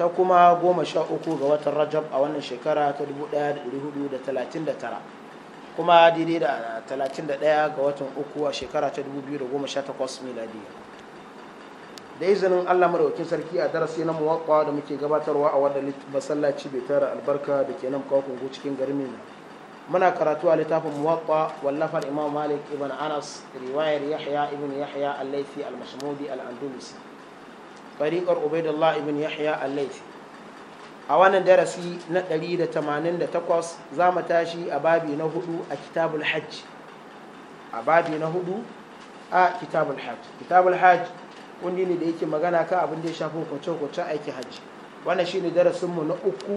ta kuma goma sha uku ga watan rajab a wannan shekara ta dubu tara kuma daidai da talatin da daya ga watan uku a shekara ta dubu miladiya da izinin allah madaukakin sarki a darasi na muwakwa da muke gabatarwa a wadda masallaci bai tara albarka da ke nan kwakwungu cikin garin muna karatu a littafin muwakwa wallafar imam malik ibn anas riwayar yahya ibn yahya al-laifi al-mashmudi al-andalusi tariqar ubaidullah ibn yahya al-laythi a wannan darasi na 188 za mu tashi a babi na hudu a kitabul Hajji. a babi na hudu a kitabul Hajji. kitabul Hajji wani ne da yake magana kan abin da ya shafi hukunce-hukuncen aikin hajji wannan shi ne darasinmu na uku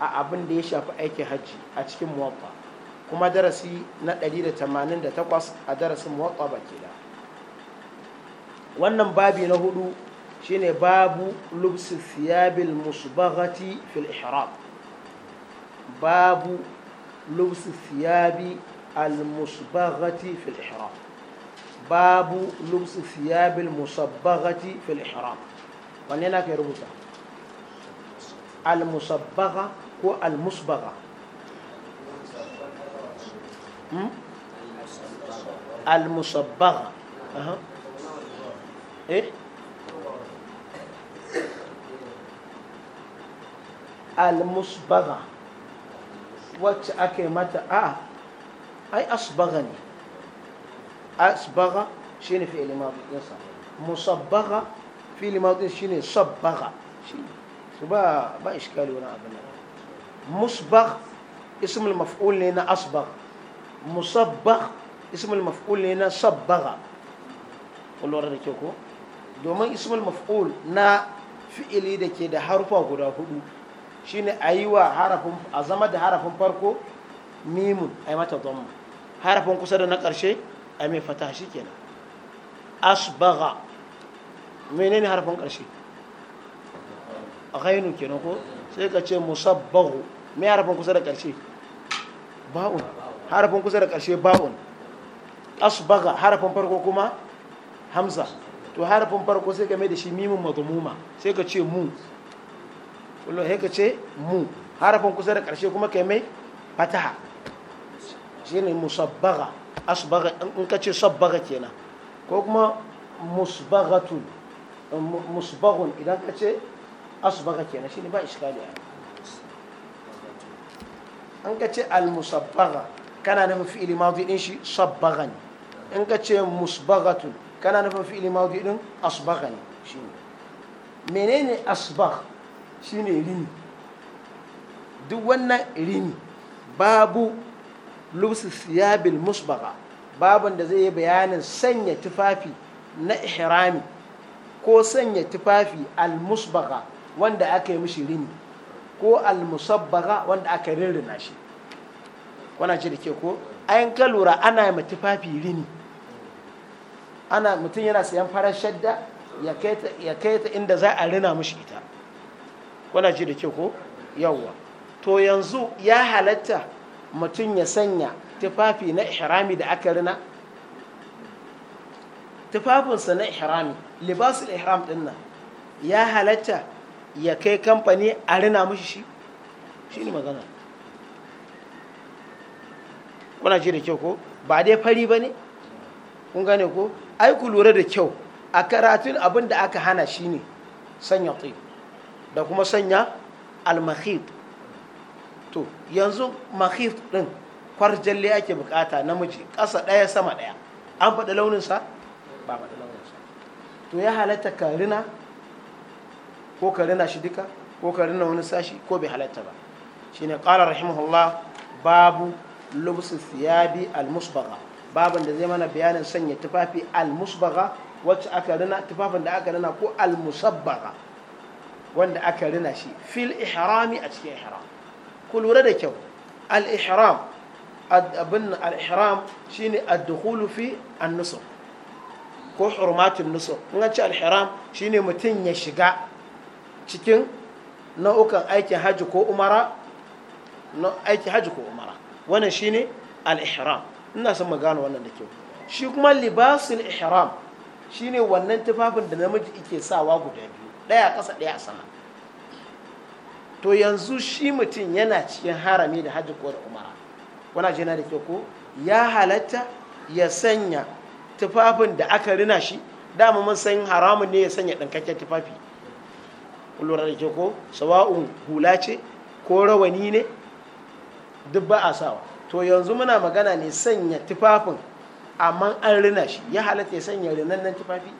a abin da ya shafi aikin hajji a cikin muwaffa kuma darasi na 188 a darasin muwaffa baki da wannan babi na hudu شيني باب لبس الثياب المصبغة في الإحرام باب لبس الثياب المصبغة في الإحرام باب لبس الثياب المصبغة في الإحرام ونينا كيروتا المصبغة هو المصبغة المصبغة أه. إيه al-musbagha wacce ake mata a ai asbagha ne asbagha shi ne fi'ili maɗinsa musabbaga fi'ili maɗin shi ne sabbaga su ba ba iskali wani abu ne musbag ismul maf'ul ne na asbag musabbag ismul maf'ul ne na sabbaga kullum da ke ko domin ismul maf'ul na fi'ili da ke da harufa guda hudu shine a yi wa harafin a zama da harafin farko mimun a yi mata zama harafin kusa da na ƙarshe a mai fata shi kenan mene ne harafin ƙarshe ghainu kenan ko sai ka ce musabbahu me harafin kusa da ƙarshe ba'un harafin kusa da ƙarshe ba'un Asbaga harafin farko kuma hamza to harafin farko sai ka mai da shi mimun madmuma sai ka ce mu kullum sai ka ce mu harafin kusa da ƙarshe kuma kai mai fataha shine musabbaga asbaga in ka ce sabbaga kenan ko kuma musbaghatun Musbagun idan ka ce asbaga kenan shine ba iskali an ka ce al-musabbaga kana nufin fi'ili madi din shi sabbaga ne in ka ce musbaghatun kana nufin fi'ili madi din asbaga ne shine menene asbagh shine rini duk wannan rini babu ya bil musbaga babin da zai yi bayanin sanya tufafi na ihrami ko sanya tufafi musbaga wanda aka yi mishi rini ko musabbaga wanda aka rinrina shi wana ce da ke ko ayin ka ana ma tufafi rini ana mutum yana sayan farar shadda ya kai ta inda za a rina mishi ita kuna ji da ke ko yawwa to yanzu ya halatta mutum ya sanya tufafi na ihrami da aka rina tufafinsa na ihrami libasul ihram din nan ya halatta ya kai kamfani a rina mushi shi shi ne magana kuna ji da kyau ko ba dai fari ba ne kun gane ko ai ku lura da kyau a karatun abin da aka hana shi ne sanya tsaye da kuma sanya al to yanzu mahid din kwarjalle ake bukata namiji ƙasa ɗaya sama ɗaya an faɗi launinsa ba faɗi launinsa to ya halatta karina ko karina shi duka ko karina wani sashi ko bai halatta ba shine qala rahimahullah babu lubsu thiyabi al-musbagha babin da zai mana bayanin sanya tufafi al wacce aka rina tufafin da aka rina ko almusabbaga. wanda aka rina shi fil ihrami a cikin ihram ku lura da kyau al ihram abin al ihram shine ad-dukhulu fi an-nusuk ko hurmatun nusuk in an ce al ihram shine mutum ya shiga cikin nau'ukan aikin haji ko umara na aikin haji ko umara wannan shine al ihram ina son magana wannan da kyau shi kuma libasul ihram shine wannan tufafin da namiji yake sawa guda biyu ɗaya ƙasa ɗaya a sama to yanzu shi mutum yana cikin harami da hajji ko da umara wana jina da ke ko ya halatta ya sanya tufafin da aka rina shi dama mun san haramun ne ya sanya ɗankakken tufafi kullum da ke ko sawa'un hula ce ko rawani ne duk ba a sawa to yanzu muna magana ne sanya tufafin amma an rina shi ya halatta ya sanya rinannan tufafi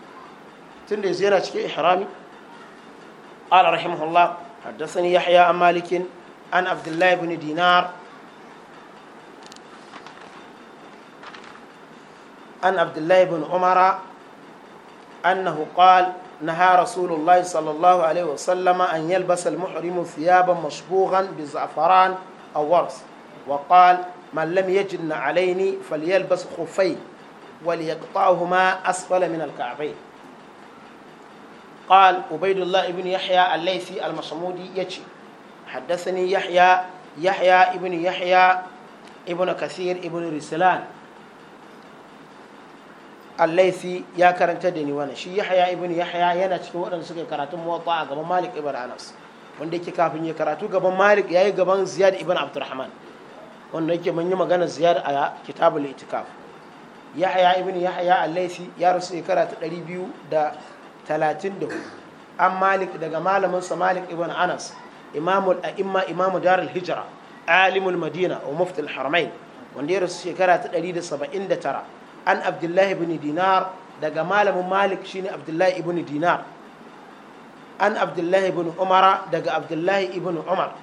tun da yanzu yana cikin ihrami قال رحمه الله حدثني يحيى عن مالك عن عبد الله بن دينار عن عبد الله بن عمر أنه قال نهى رسول الله صلى الله عليه وسلم أن يلبس المحرم ثيابا مصبوغا بزعفران أو ورس وقال من لم يجدن عليني فليلبس خفين وليقطعهما أسفل من الكعبين قال عبيد الله بن يحيى الليثي المصمودي يجي حدثني يحيى يحيى ابن يحيى ابن كثير ابن رسلان الليثي يا كرنت دني وانا شي يحيى ابن يحيى yana cikin waɗanda suka karatu muwatta a gaban Malik ibn Anas wanda yake kafin ya karatu gaban Malik yayi gaban Ziyad ibn Abdurrahman wanda yake mun yi magana Ziyad a kitabul itikaf Yahya ibn Yahya al-Laythi ya rasu shekara ta 200 da Talatin 34 an malik daga malaminsa malik ibn anas imamul a'imma imamu darul hijra alimul madina wa muftul haramain wanda ya rasu shekara ta 179 an abdullahi ibn dinar daga malamin malik shine abdullahi ibn dinar an abdullahi ibn umara daga abdullahi ibn umar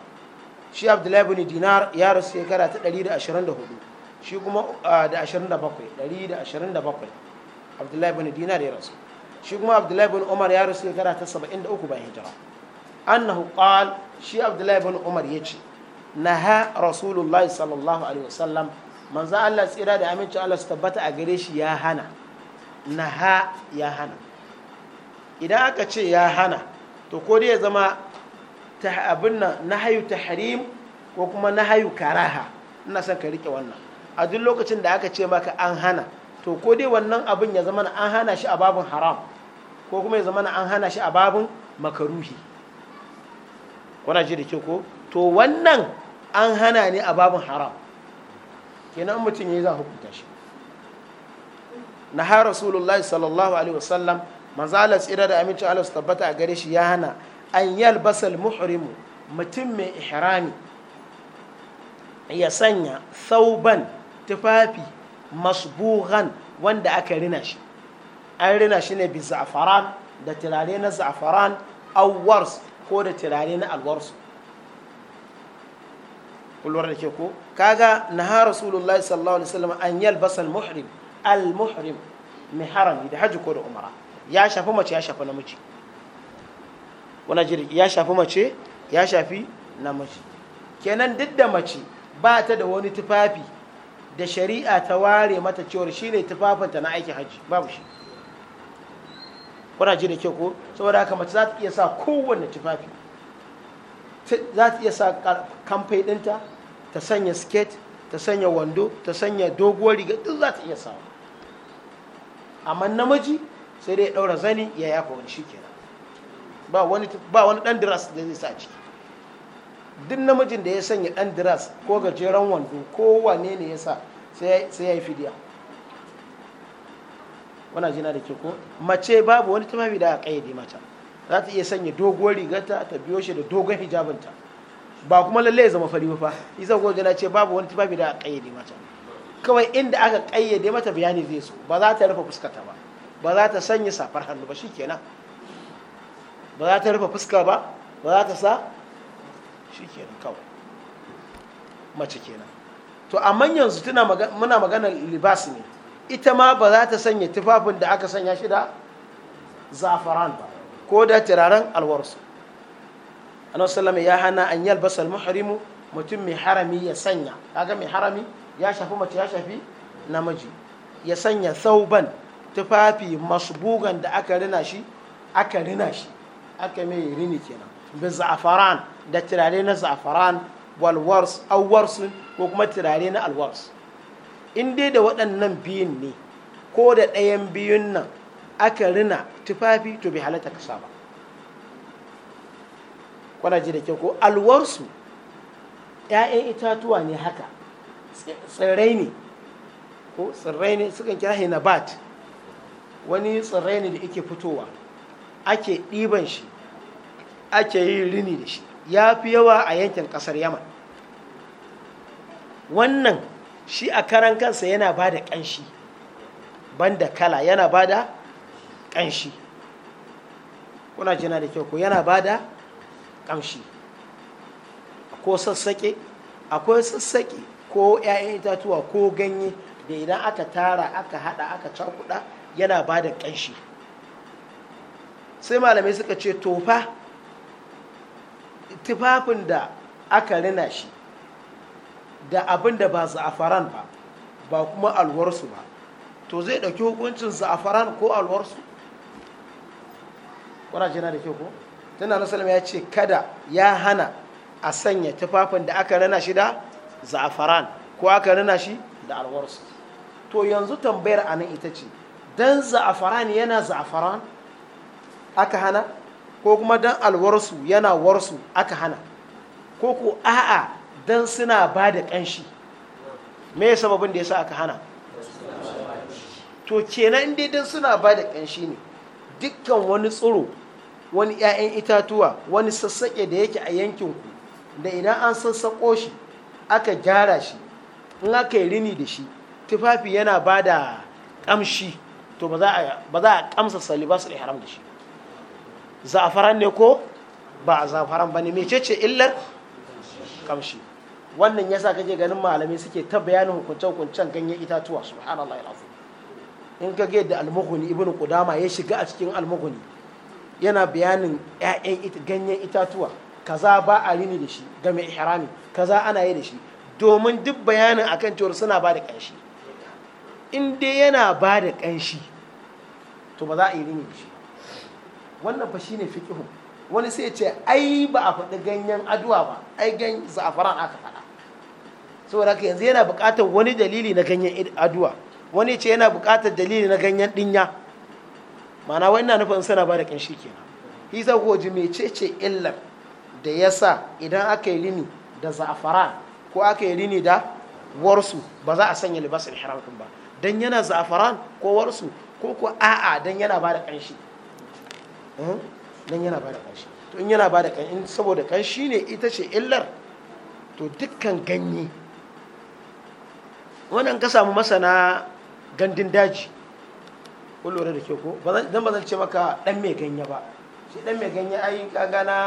shi abdullahi ibn dinar ya rasu shekara ta 124 shi kuma ah, da 27 127 abdullahi ibn dinar ya rasu shi kuma abdullahi bin umar ya rasu shekara ta 73 bayan hijira annahu qal shi abdullahi bin umar ya yace naha rasulullahi sallallahu alaihi wasallam manzo Allah tsira da aminci Allah su tabbata a gare shi ya hana naha ya hana idan aka ce ya hana to ko dai ya zama abin nan nahayu tahrim ko kuma nahayu karaha ina son ka rike wannan a duk lokacin da aka ce maka an hana to ko dai wannan abin ya zama an hana shi a babin haram ko kuma ya zama an hana shi a babin makaruhi kuna ji da ke ko to wannan an hana ne a babin haram kenan mutum ya yi za hukunta shi na har rasulullahi sallallahu alaihi wasallam manzala tsira da aminci Allah su tabbata a gare shi ya hana an yalbasa muhrimu mutum mai ihrami ya sanya sauban tufafi masbuhan wanda aka rina shi an rina shi ne bi za'afaran da turare na za'afaran awars ko da turare na alwarsu kulwar da ke ko kaga na ha rasulullahi sallallahu alaihi wasallam an yalbasa al-muhrim al-muhrim mai harami da hajji ko da umara ya shafi mace ya shafi namiji wani jiri ya shafi mace ya shafi namiji kenan duk da mace ba ta da wani tufafi da shari'a ta ware mata cewar shi ne tufafinta na aikin hajji babu shi kuna ji da ke ko saboda haka mace za ta iya sa kowanne tufafi za ta iya sa kamfai ɗinta ta sanya skate ta sanya wando ta sanya doguwar riga duk za ta iya sa amma namiji sai dai ya ɗaura zani ya yafa wani shi kenan ba wani ɗan diras da zai sa ciki duk namijin da ya sanya ɗan diras ko gajeren wando ko wane ne ya sa sai ya yi fidiya wana jina da ke ko mace babu wani tumami da aka yi mata za ta iya sanya doguwar rigarta ta biyo shi da dogon hijabinta ba kuma lalle ya zama fari ba fa isa ko jina ce babu wani tumami da aka yi mata kawai inda aka kayyade mata bayani zai so ba za ta rufe fuskata ba ba za ta sanya safar hannu ba shikenan ba za ta rufe fuska ba ba za ta sa shikenan kawai mace kenan to amma yanzu muna magana libas ne ita ma ba za ta sanya tufafin da aka sanya shi da zafaran ba ko da turaren alwarsu annabi sallallahu ya hana an yalbasa muhrimu mutum mai harami ya sanya kaga mai harami ya shafi mace ya shafi namiji ya sanya sauban tufafi masbugan da aka rina shi aka rina shi aka mai rini kenan bi za'afaran da turare na za'afaran wal wars ko kuma turare na alwars in dai da waɗannan biyun ne ko da ɗayan biyun nan aka rina tufafi to bai halatta ka sa ba kwana ji da kyau ko alwarsu ‘ya'yan itatuwa ne haka tsirrai ne ko tsirrai ne sukan kira Hina bat wani tsirrai ne da ike fitowa ake ɗiban shi ake yin rini da shi ya fi yawa a yankin ƙasar yaman wannan shi a karan kansa yana ba da ƙanshi banda kala yana ba da ƙanshi kuna jina da kyau ko yana ba da ƙamshi ko sassaƙe akwai sassaƙe ko 'ya'yan itatuwa ko ganye da idan aka tara aka hada aka cakuɗa yana ba da ƙanshi sai malamai suka ce tofa tufafin da aka rina shi da abin da ba za'afaran ba ba kuma alwarsu ba to zai ɗauki hukuncin za'afaran ko alwarsu ƙwararci na da kyau ko tana na salama ya ce kada ya hana a sanya tufafin da aka rana shi da za'afaran ko aka rana shi da alwarsu to yanzu tambayar a nan ita ce don za'afaran yana za'afaran aka hana ko kuma don alwarsu yana warsu aka hana ko ko a'a don suna ba da ƙanshi me sababin da ya sa aka hana to kenan inda don suna ba da ƙanshi ne dukkan wani tsoro wani 'ya'yan itatuwa wani sassaƙe da yake a yankinku da idan an sassaƙo shi aka gyara shi in aka yi rini da shi tufafi yana ba da ƙamshi to ba za a ƙamsa salibasul haram da shi za'afaran ne ko ba a za'afaran ba ne mecece illar ƙamshi wannan yasa kake ganin malamai suke ta bayanin hukunce-hukuncen ganyen itatuwa subhanallah in ka da almuhuni ibn Kudama ya shiga a cikin almuhuni yana bayanin ƴaƴan ganyen itatuwa kaza ba a rini da shi ga mai ihrami kaza ana yi da shi domin duk bayanin akan cewar suna ba da ƙanshi in dai yana ba da ƙanshi to ba za a yi rini da shi wannan fa shine fiqhu wani sai ya ce ai ba a faɗi ganyen aduwa ba ai gan za'afaran aka faɗi. saboda haka yanzu yana buƙatar wani dalili na ganyen aduwa wani ce yana buƙatar dalili na ganyen dinya ma'ana wani na nufin suna ba da ƙanshi kenan isa ko ji mecece illar da ya sa idan aka yi rini da za'afaran ko aka yi rini da warsu ba za a sanya libasin ihram ba dan yana za'afaran ko warsu ko ko a'a dan yana ba da ƙanshi hmm? dan yana ba da ƙanshi to in yana ba da ƙanshi saboda ƙanshi ne ita ce illar to dukkan ganye wannan ka samu masana gandun daji kun da ke ko dan ba zan ce maka dan mai ganye ba shi dan mai ganye ai kaga gana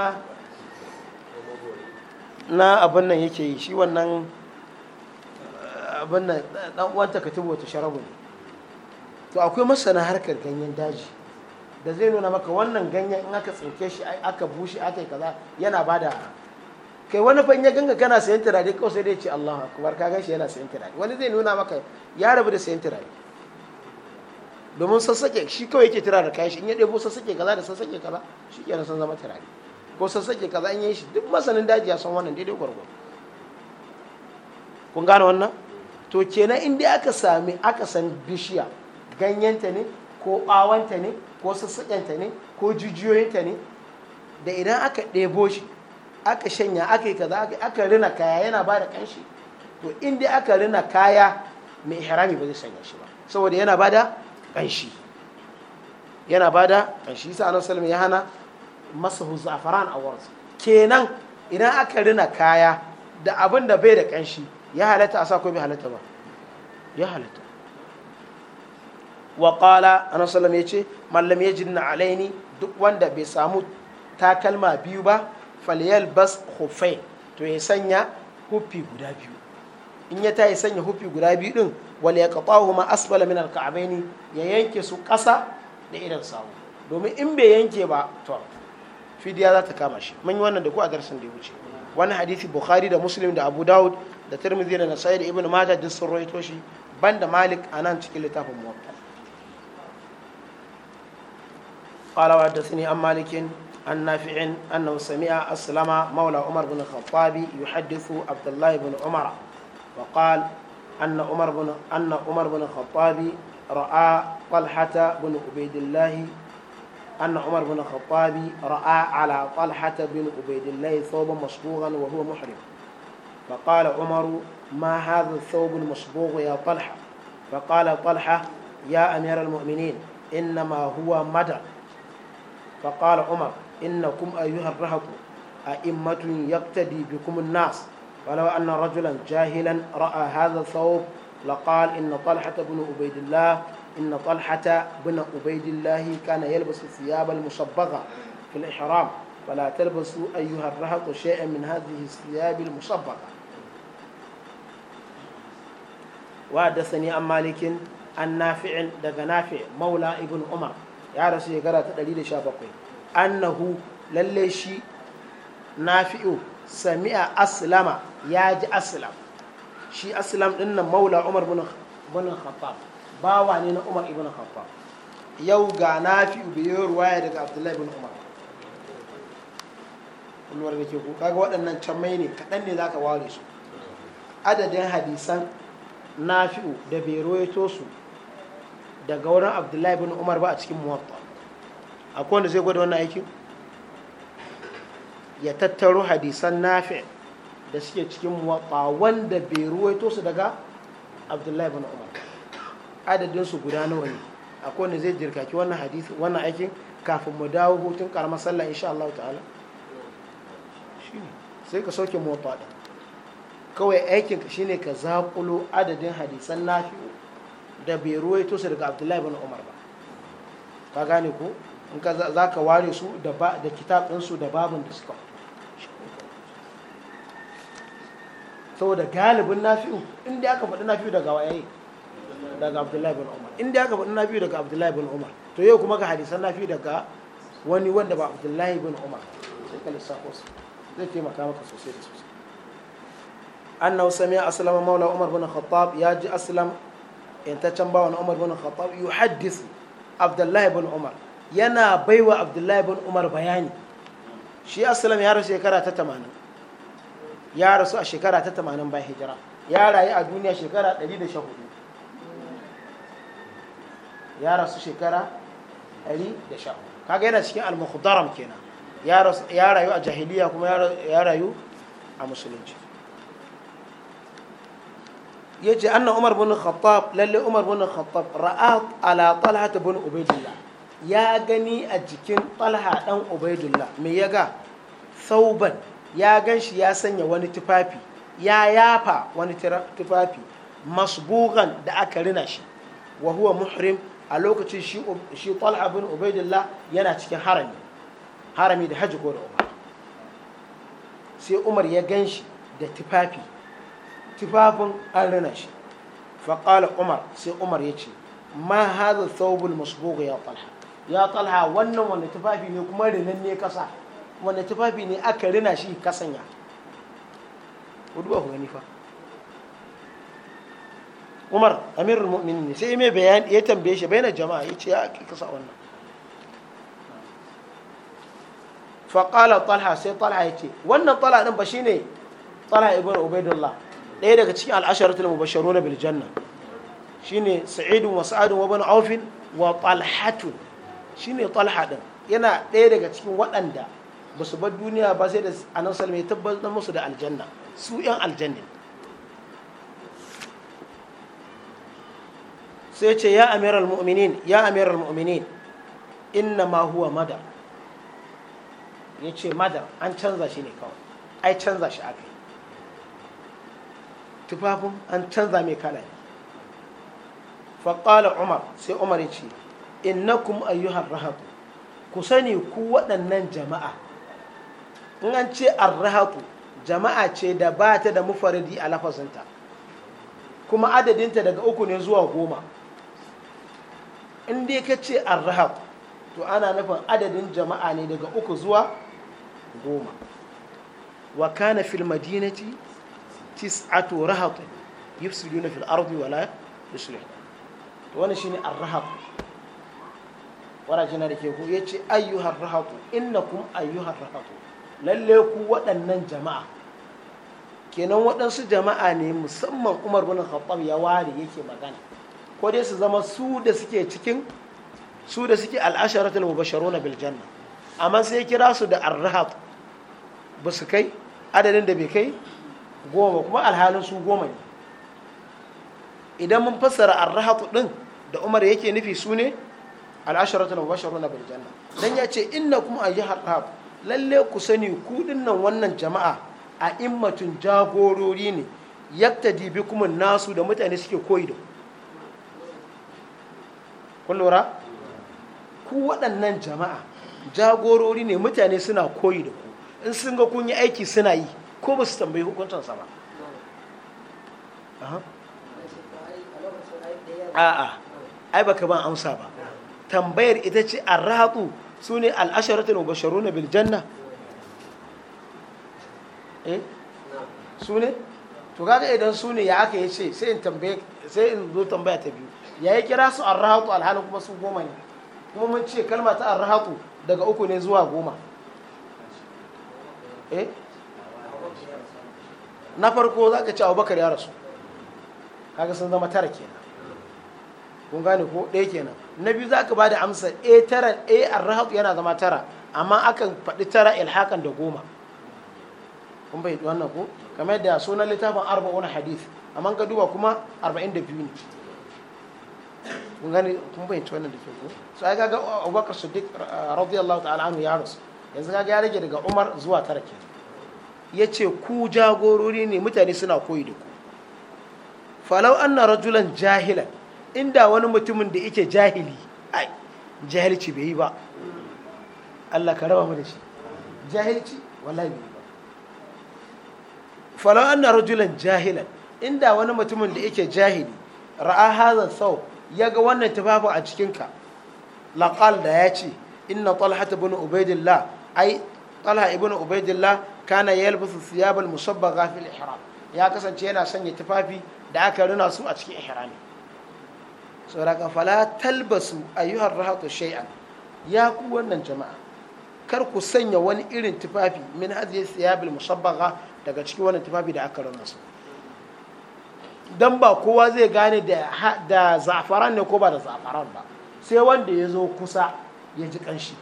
na abin nan yake yi shi wannan eh, abin nan dan uwan ta ta sharabu ne to akwai masana harkar ganyen daji da zai nuna maka wannan ganyen in aka tsinke shi aka bushe aka yi kaza yana bada kai wani fa ya ganga kana sayan turare kawai sai dai ce Allahu akbar ka ganshi yana sayan turare wani zai nuna maka ya rabu da sayan turare domin sassake shi kawai yake turare kayan shi in ya ɗebo sassake kaza da sassake kaza shi kenan sun zama turare ko sassake kaza in yi shi duk masanin daji ya san wannan daidai gwargwado kun gane wannan to kenan in dai aka sami aka san bishiya ganyenta ne ko ɓawanta ne ko sassakenta ne ko jijiyoyinta ne da idan aka ɗebo shi aka shanya aka yi kaza aka rina kaya yana ba da kanshi to inda aka rina kaya mai harami ba zai sanya shi ba saboda yana ba da kanshi yana ba da kanshi yasa annabi sallallahu ya hana masahu za'faran awards kenan idan aka rina kaya da abin da bai da kanshi ya halatta a sa ko bai halatta ba ya halatta wa qala annabi sallallahu ya ce mallam yajinna alaini duk wanda bai samu takalma biyu ba faliyal bas hufai to ya sanya hufi guda biyu in ya ta ya sanya hufi guda biyu din wal ya qatahu ma asfala min al ya yanke su ƙasa da idan sawu domin in bai yanke ba to fidiya za ta kama shi mun yi wannan da ku a darsin da ya wuce wani hadisi bukhari da muslim da abu dawud da tirmidhi da nasai da ibnu majah duk sun rawaito shi banda malik anan cikin littafin muwatta قال wa hadathani an malikin عن نافع أنه سمع أسلم مولى عمر بن الخطاب يحدث عبد الله بن عمر وقال أن عمر بن أن عمر بن الخطاب رأى طلحة بن عبيد الله أن عمر بن الخطاب رأى على طلحة بن عبيد الله ثوبا مصبوغا وهو محرم فقال عمر ما هذا الثوب المصبوغ يا طلحة فقال طلحة يا أمير المؤمنين إنما هو مدى فقال عمر إنكم أيها الرهط أئمة يقتدي بكم الناس ولو أن رجلا جاهلا رأى هذا الثوب لقال إن طلحة بن عبيد الله إن طلحة بن عبيد الله كان يلبس الثياب المصبغة في الإحرام فلا تلبسوا أيها الرهط شيئا من هذه الثياب المصبغة وحدثني عن مالك عن نافع دغ نافع مولى ابن عمر يا رسول الله 117 annahu lalle shi nafi'u sami'a aslama ya ji aslam shi aslam din nan maula umar bin khattab bawa ne na umar ibn khattab yau ga nafi'u bai ruwaya daga abdullahi bin umar kulwar da ke ku kaga waɗannan can mai ne kaɗan ne za ka ware su adadin hadisan nafi'u da bai royato su daga wurin abdullahi bin umar ba a cikin muwatta akwai wanda zai gwada wannan aikin ya tattaro hadisan nafi da suke cikin muwatta wanda bai ruwaito su daga abdullahi bin umar adadin su guda nawa ne akwai wanda zai jirkaki wannan hadis wannan aikin kafin mu dawo hutun karamar sallah insha Allah ta'ala sai ka sauke muwatta din kawai aikin ka shine ka zaƙulo adadin hadisan nafi da bai ruwaito su daga abdullahi bin umar ba ka gane ko in ka za ka ware su da kitabinsu da babin da suka saboda galibin nafi'u inda aka faɗi nafi'u daga waye daga abdullahi bin umar inda aka faɗi nafi'u daga abdullahi bin umar to yau kuma ga hadisan nafi'u daga wani wanda ba abdullahi bin umar sai ka lissafo su zai taimaka maka sosai da sosai annahu Sami aslama maula umar bin khattab ya ji aslam yantaccen bawan umar bin khattab yuhaddis abdullahi bin umar yana baiwa abdullahi bin umar bayani shi asalam ya rasu shekara ta tamanin ya rasu a shekara ta tamanin bayan hijira ya rayu a duniya shekara 114 ya rasu shekara 114 kaga yana cikin al-mukhdaram kenan ya rayu a jahiliya kuma ya rayu a musulunci yace anna umar bin khattab lalle umar bin khattab ra'a ala talhat bin ubaidillah ya gani a jikin talha ɗan ubaidullah mai ya ga sauban ya gan shi ya sanya wani tufafi ya yafa wani tufafi masbugan da aka rina shi wa huwa muhrim a lokacin shi talha bin ubaidullah yana cikin harami harami da hajji da umar sai umar ya gan shi da tufafi tufafin an rina shi faƙala umar sai umar ya ce ma haza thawbul masbugh ya talha ya talha wannan wanda tufafi ne kuma rinan ne kasa wanda tufafi ne aka rina shi kasanya wadda ba ku gani fa umar amirul mu'minin ne sai mai bayani ya tambaye shi bayan jama'a ya ce ya kasa wannan faƙalar talha sai talha ya ce wannan talha ɗin ba shi ne talha ibn ubaidullah ɗaya daga cikin al'asharatul mubasharu na biljanna shi ne sa'idun wa sa'adun wa bani aufin wa talhatun Shi shine talha din yana ɗaya daga cikin waɗanda ba su bar duniya ba sai da annabi sallallahu tabbas tabbatar musu da aljanna su yan aljanna sai ce ya amiral mu'minin ya amiral mu'minin inna ma huwa madar ya ce madar an canza shi ne kawai ai canza shi aka tufafin an canza mai kala ne faƙala umar sai umar ya ce innakum ayyuhar rahatu ku sani ku waɗannan jama'a in an ce arrahatu jama'a ce da ba ta da mufaridi a lafazinta kuma adadinta daga uku ne zuwa goma inda dai ka ce arrahatu to ana nufin adadin jama'a ne daga uku zuwa goma wa kana fil madinati tis'atu rahatun yufsiduna fil ardi wala yuslih to wannan shine arrahatu ƙwararci na da ke ku ya ce ayyuhar rahatu kun ayyuhar rahatu lalle ku waɗannan jama'a kenan waɗansu jama'a ne musamman umar bin khattab ya ware yake magana ko dai su zama su da suke cikin su da suke al'asharatul mubasharuna bil janna amma sai kira su da arhab ba su kai adadin da bai kai goma kuma alhalin su goma ne idan mun fassara arrahat din da umar yake nufi su ne na mubashiruna na janna dan ya ce kuma a yi rab lalle ku sani ku dinnan wannan jama'a a immatun jagorori ne yaktadi kuma nasu da mutane suke koyi da kun lura ku waɗannan jama'a jagorori ne mutane suna koyi da ku in sun ga kun yi aiki suna yi ko ba su tambayi hukuncinsa ba a'a ai baka ban amsa ba tambayar ita ce arrahatu su ne al'asharatul mubasharuna bil na biljanna? Eh? su ne to kaga idan su ne ya aka yi ce sai in zo tambaya ta biyu ya yi kira su arrahatu alhalin kuma su goma ne kuma mun ce kalma ta arrahatu daga uku ne zuwa goma eh? na farko za ka ce abubakar ya rasu kaga sun zama tara kenan kun gane ko ɗaya kenan na biyu za ka ba da amsa a tara a arrahat yana zama tara amma akan faɗi tara ilhakan da goma kun bai wannan ko kamar da sunan littafin arba'un hadith amma ka duba kuma arba'in da biyu ne kun gani kun bai wannan da ko so ai kaga Abubakar Siddiq radiyallahu ta'ala anhu ya rasu yanzu kaga ya rage daga Umar zuwa tara Ya ce ku jagorori ne mutane suna koyi da ku falau anna rajulan jahilan inda wani mutumin da yake jahili ai jahilci bai yi ba Allah ka raba mu da shi jahilci wallahi bai yi ba falau anna rajulan jahilan inda wani mutumin da yake jahili ra'a hadha sau ya ga wannan tufafin a cikinka laqal da ya ce inna talha ibn ubaidillah ai talha ibn ubaidillah kana yalbasu thiyabal musabbaga fil ihram ya kasance yana sanya tufafi da aka rina su a cikin ihrami tsoraka fala talbasu ayyuhar rahatu shay'an ya ku wannan jama'a kar ku sanya wani irin tufafi min hadhihi thiyabil musabbaga daga cikin wannan tufafi da aka rana su dan ba kowa zai gane da da za'faran ne ko ba da za'faran ba sai wanda ya zo kusa ya ji kanshi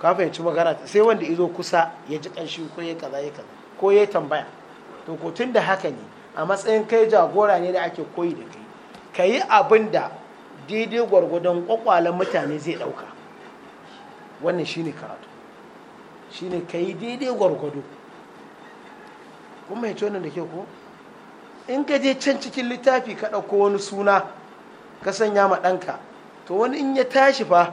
ka fahimci magana sai wanda ya zo kusa ya ji kanshi ko ya kaza ya kaza ko ya tambaya to ko da haka ne a matsayin kai jagora ne da ake koyi da kai ka yi abin da daidai gwargwadon kwakwalen mutane zai dauka wannan shine karatu shine ka yi daidai gwargwado kuma ya wannan da ke ko in ka je can cikin littafi ka ɗauko wani suna ka sanya ma ɗanka to wani in ya tashi fa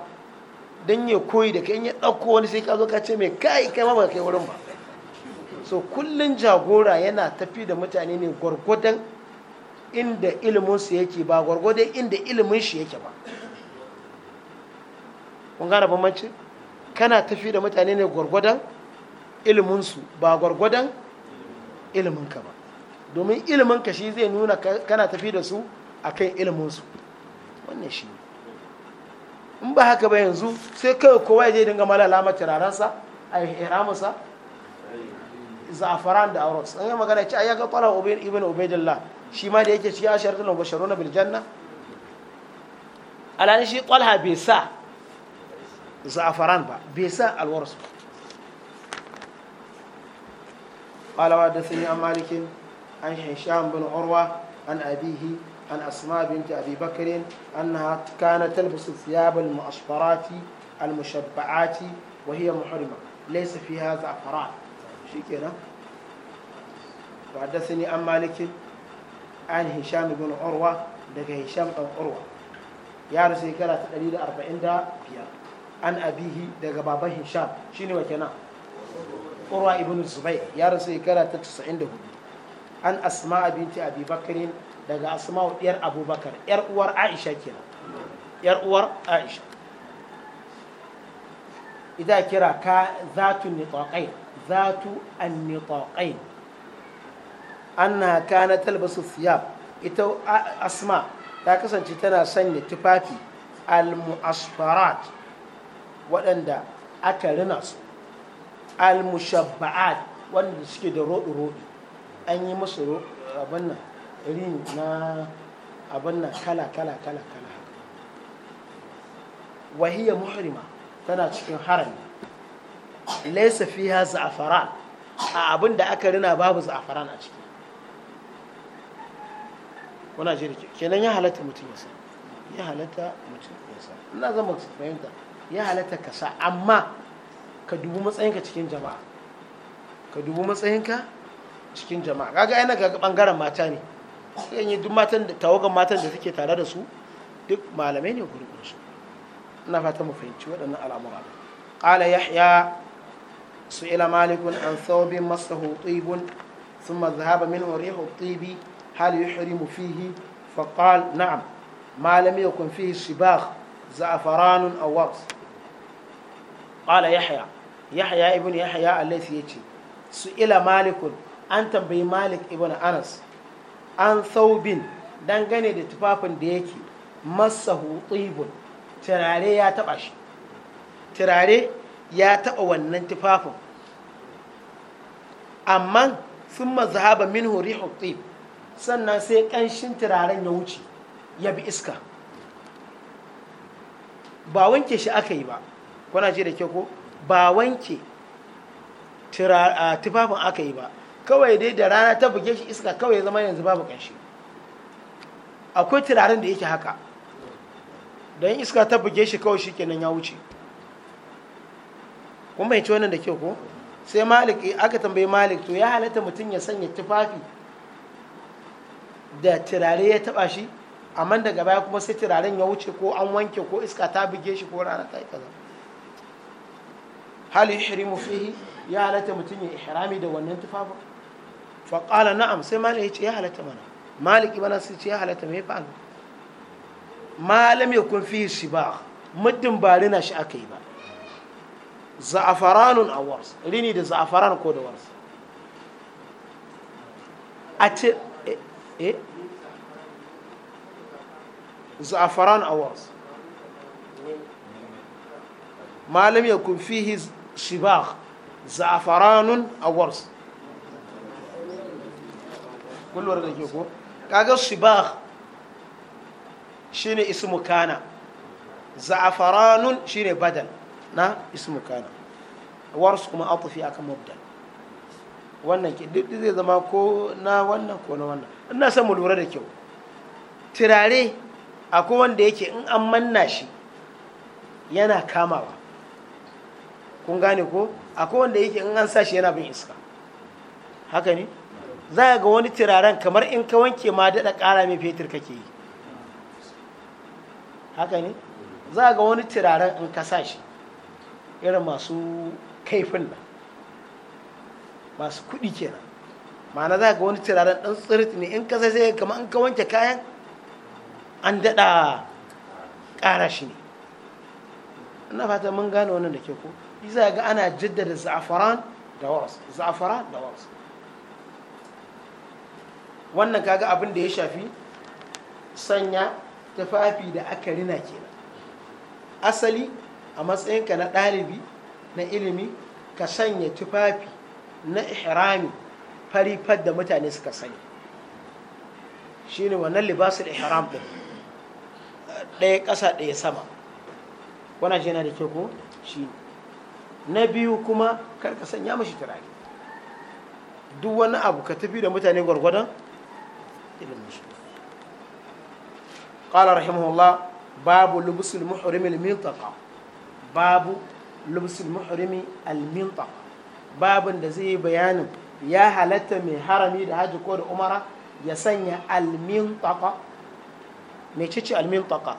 don ya koyi da kai in ya ɗauko wani sai ka zo ka ce mai kai kai ma ba kai wurin ba so kullum jagora yana tafi da mutane ne gwargwadon inda iliminsu yake ba gwargwadon inda ilimin shi yake ba kun gane bambanci kana tafi da mutane ne gwargwadon iliminsu ba gwargwadon iliminka ba domin iliminka shi zai nuna kana tafi da su a kan iliminsu wannan shi in ba haka ba yanzu sai kawai kowa zai dinga malala matiraransa a ihramusa za'afaran da auros an yi magana ce ayyaga ƙwarar ibn ubaidillah shi ma da yake ciya a shirin lagos sharon na biljanna alani shi kwalha bai sa za'afaran ba bai sa alwarsu kwalawa da sun yi amalikin an shahin bin urwa an abihi an asma Binta, abi bakirin an na kana talfasa siyabal ma'asfarati al-mushabba'ati wa hiya muhrima laysa fiha za'afaran shi kenan wa da sun yi an hisham ibn urwa daga hisham dan urwa ya rasu shekara ta 145 an abihi daga baban hisham shine wa kenan urwa ibn zubair ya rasu shekara ta 94 an asma binti abi bakrin daga asma diyar abubakar yar uwar aisha kenan yar uwar aisha idan kira ka zatu nitaqain zatu an nitaqain anna kana talbasu thiyab ita asma ta kasance tana sanya tufafi al-mu'asfarat waɗanda aka rina su al-mushabba'at waɗanda suke da roɗi-roɗi an yi musu abin nan na abin nan kala kala kala kala wahiyya muhrima tana cikin harami laysa fiha za'afaran a abin da aka rina babu za'afaran a ciki muna ji da kenan ya halatta mutum ya sa ya halatta mutum ya sa ina zan ba fahimta ya halatta ka sa amma ka dubi matsayinka cikin jama'a ka dubi matsayinka cikin jama'a kaga ai ga bangaren mata ne kan yi duk matan da tawagan matan da suke tare da su duk malamai ne gurbin su ina fatan mu fahimci waɗannan al'amura qala yahya su ila malikun an thawbin masahu tibun thumma dhahaba minhu rihu tibi hal yuhrimu fihi faqal na'am ma lam yakun fihi sibagh za'faran aw waqs qala yahya yahya ibn yahya alladhi yace su ila malikun an tambayi malik ibn anas an thawbin dangane da tufafin da yake masahu tibun turare ya taba ya taba wannan tufafin amma sun mazhaba minhu rihu tib sannan sai ƙanshin turaren ya wuce ya bi iska ba wanke shi aka yi ba kuna ce da ke ko ba wanke tufafin aka yi ba kawai dai da rana ta buge shi iska kawai zama yanzu babu ƙanshi akwai turaren da yake haka don iska ta buge shi kawai shi kenan ya wuce kuma yace wannan da ke ko sai malik aka tambayi malik to ya halatta mutum ya sanya tufafi da turare ya taba shi amma daga baya kuma sai turaren ya wuce ko an wanke ko iska ta buge shi ko rana ta yi kaza hal yuhrimu fihi ya halatta mutum ya ihrami da wannan tufafin fa qala na'am sai malik ya ce ya halatta mana malik ibn sai ce ya halatta me fa malam kun fi sibah muddin ba rina shi aka yi ba za'afaranun a rini da za'afaran ko da wars a ce eh za'afaran awas malam ya kun fihi shibah za'afaranun awas kullum da ke ko kaga shibah shine ismu kana za'afaranun shine badal na ismu kana awas kuma atufi akan mabda wannan ke duk zai zama ko na wannan ko na wannan ina son mu lura da kyau turare akwai wanda yake in an manna shi yana kamawa kun gane ko akwai wanda yake in an sa shi yana bin iska haka ne za ga wani turaren kamar in ka wanke ma daɗa ƙara mai fetur kake yi haka ne za ga wani turaren in ka sa shi irin masu kaifin nan masu kuɗi kenan ma'ana za ga wani turaren ɗan tsirit ne in ka sai kama in ka wanke kayan an daɗa ƙara shi ne ina fata mun gane wannan da ke ko za ga ana jaddada za'afaran da waras za'afaran da waras wannan kaga abin da ya shafi sanya tufafi da aka rina kenan asali a matsayinka na ɗalibi na ilimi ka sanya tufafi na ihrami fari fad da mutane suka sani shine wannan libasul ihram din ɗaya ƙasa ɗaya sama wannan shi yana da kyau ko shi na biyu kuma kar sanya mashi turare duk wani abu ka tafi da mutane gwargwadon ilimin su qala rahimahullah babu lubsul muhrimi al-mintaqa babu muhrimi al-mintaqa da zai yi bayanin ya halatta mai harami da hajji ko da umara ya sanya almintaka mai cici almintaka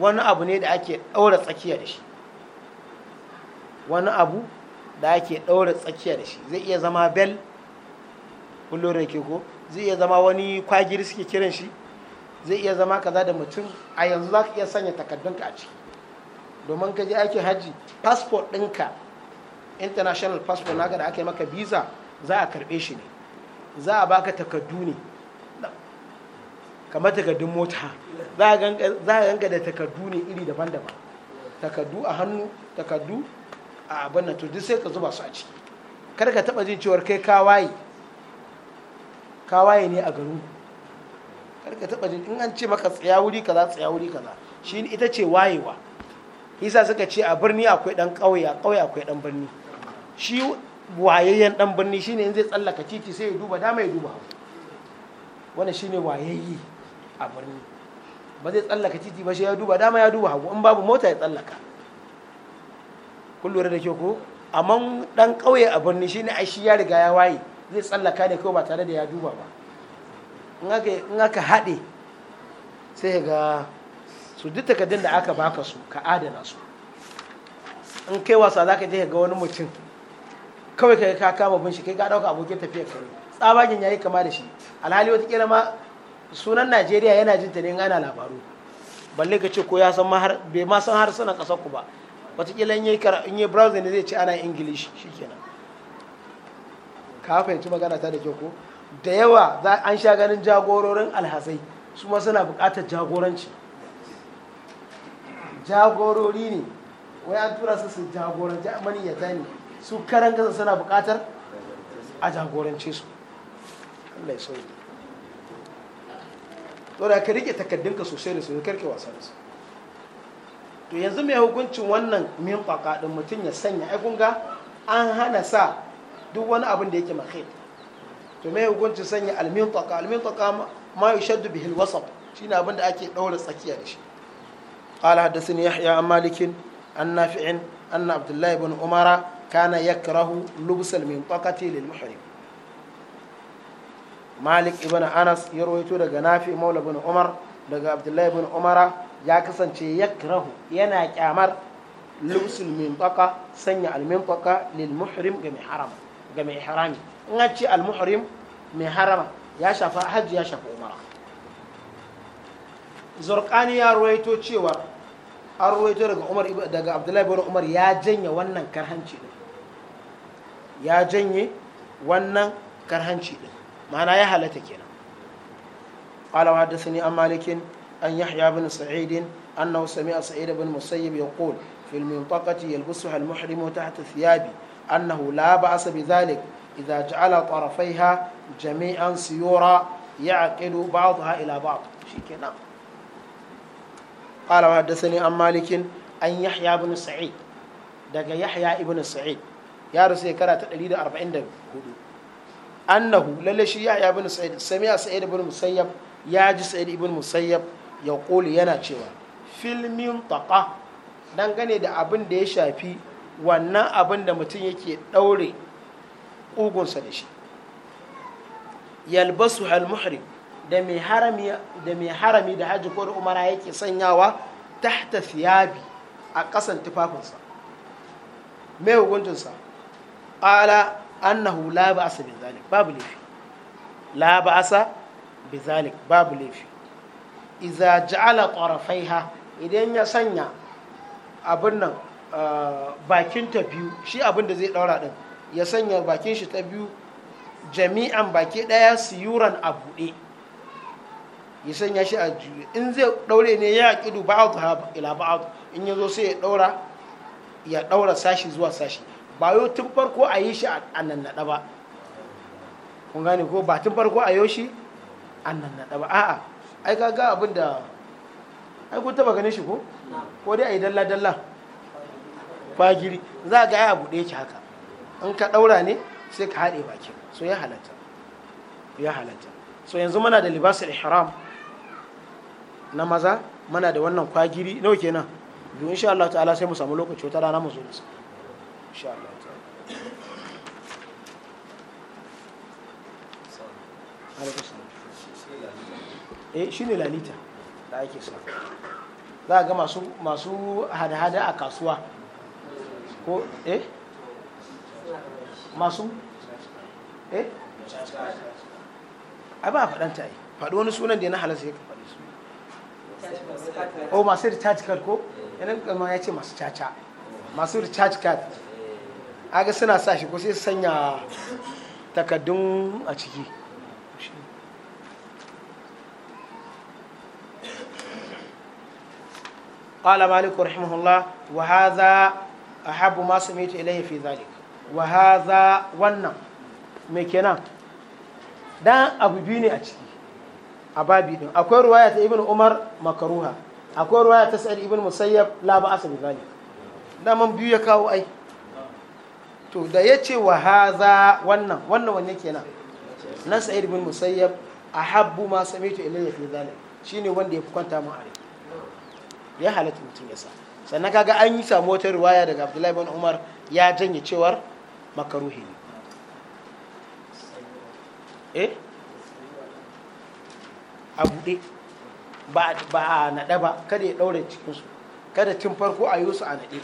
wani abu ne da ake ɗaura tsakiya da shi wani abu da ake ɗaura tsakiya da shi zai iya zama bel kullum da ke ko zai iya zama wani kwagiri suke kiran shi zai iya zama kaza da mutum a yanzu za ka iya sanya takardunka a ciki domin ka je ake hajji passport ɗinka international passport naka da aka yi maka visa za a karɓe shi ne za a baka takardu ne kamar takardun mota za a ganga da takardu ne iri daban-daban takardu a hannu takardu a abin nan to duk sai ka zuba su a ciki kar ka taɓa jin cewar kai kawaye kawaye ne a garin kar ka taɓa jin in an ce maka tsaya wuri kaza tsaya wuri kaza shi ita ce wayewa isa suka ce a birni akwai ɗan ƙauye a ƙauye akwai ɗan birni shi wayayyen dan birni shine in zai tsallaka titi sai ya duba dama ya duba hagu wannan shine wayayyi a birni ba zai tsallaka titi ba sai ya duba dama ya duba hagu in babu mota ya tsallaka kun lura da ke ko amma dan ƙauye a birni shine a shi ya riga ya waye zai tsallaka ne kawai ba tare da ya duba ba in aka haɗe sai ga su duk takardun da aka baka su ka adana su in kai wasa za ka je ga wani mutum kawai kai ka kama bin shi kai ka dauka abokin tafiyar kai tsabagen yayi kama da shi alhali wata ma sunan Najeriya yana jin ta ne ana labaru balle ka ce ko ya san har bai ma san harsunan kasar ku ba wata kila in yayi in yayi browser ne zai ce ana English shikenan ka fahimci magana ta da kyau ko da yawa an sha ganin jagororin alhazai su ma suna buƙatar jagoranci jagorori ne wai an tura su su jagoranci ya zani. su karan kasa suna buƙatar a jagorance su Allah ya sauya to da ka rike ka sosai da su karke wasa da su to yanzu mai hukuncin wannan min kwaka mutum ya sanya ai kun an hana sa duk wani abin da yake makhid to mai hukuncin sanya almin kwaka almin kwaka ma yushaddu bihil shi shine abin da ake daura tsakiya da shi قال حدثني يحيى عن malikin an nafi'in an na Abdullahi بن Umara. kana yakrahu malik ibn anas ya rawaito daga nafi maula ibn umar daga abdullahi ibn umara ya kasance yakrahu yana kyamar lubsul in an ce al muhrim mai ya shafa hajji ya shafa daga abdullahi ibn umar ya janya wannan karhanci din ya janye wannan karhanci din ma'ana ya halatta kenan qalawa da sani an malikin an yahya bin sa'idin annahu sami'a sa'id bin musayyib yaqul fil mintaqati yalbasuha al muhrimu tahta thiyabi annahu la ba'sa bi dhalik idha ja'ala tarafayha jami'an siyura ya'qilu ba'daha ila ba'd shikenan qalawa da sani an malikin an yahya bin sa'id daga yahya ibn sa'id ya rasu shekara ta 144 annahu lalle shi ya yi ibn sa'id ya sa'id ibn musayyab ya ji sa'id ibn musayyab ya koli yana cewa filmin taqa dangane da abin da ya shafi wannan abin da mutum yake ɗaure ƙugunsa da shi yalbasu halmuhari da mai harami da hajji ko umara yake sanyawa tahta siyabi a ƙasan tufafinsa mai hukuncinsa Ƙala annahu la ba'sa bi zalik babu laifi la ba'sa bi zalik babu laifi idza ja'ala tarafaiha idan ya sanya abin nan ah, bakin ta biyu shi abin da zai daura din ya sanya bakin shi ta biyu jami'an baki daya siyuran a buɗe ya sanya shi a juye in zai daure ne ya kidu ba'd ila ba'd in yazo sai ya daura ya daura sashi zuwa sashi ba yau tun farko a yi shi a nannaɗa ba kun gane ko ba tun farko a yau shi a nannaɗa ba a'a ai ka ga abin da ai kun taba ganin shi ko ko dai a yi dalla dalla giri za ga ya abu ɗaya ki haka in ka ɗaura ne sai ka haɗe baki so ya halatta ya halatta so yanzu muna da libasul ihram na maza muna da wannan kwagiri nawa kenan biyu insha Allah ta'ala sai mu samu lokaci wata rana mu zo da su insha Allah ta eh lalita da ake sa za ga masu masu hada-hada a kasuwa ko eh masu eh abin ba faɗanta yi faɗi wani sunan da ya na halasa ya faɗi su o oh, masu recharge card ko yanar kama ya ce masu caca masu recharge card aga suna sa shi ko sai sanya takaddun a ciki قال مالك رحمه الله وهذا أحب ما سمعت إليه في ذلك وهذا ونم ميكنا dan abu biyu ne a ciki a babi din akwai ruwaya ta ibn umar makaruha akwai ruwaya ta sa'id ibn musayyab la ba asa bi zalik daman biyu ya kawo ai to da ya ce wa haza wannan wannan wanne kenan nan sa'id bin musayyab ahabbu ma samitu ilayya fi shi shine wanda ya fi kwanta mu are ya halatta mutum ya sa sannan kaga an yi samu wata riwaya daga abdullahi bin umar ya janye cewar makaruhi ne eh a buɗe ba a naɗa ba kada ya ɗaure cikinsu kada tun farko a yi su a naɗe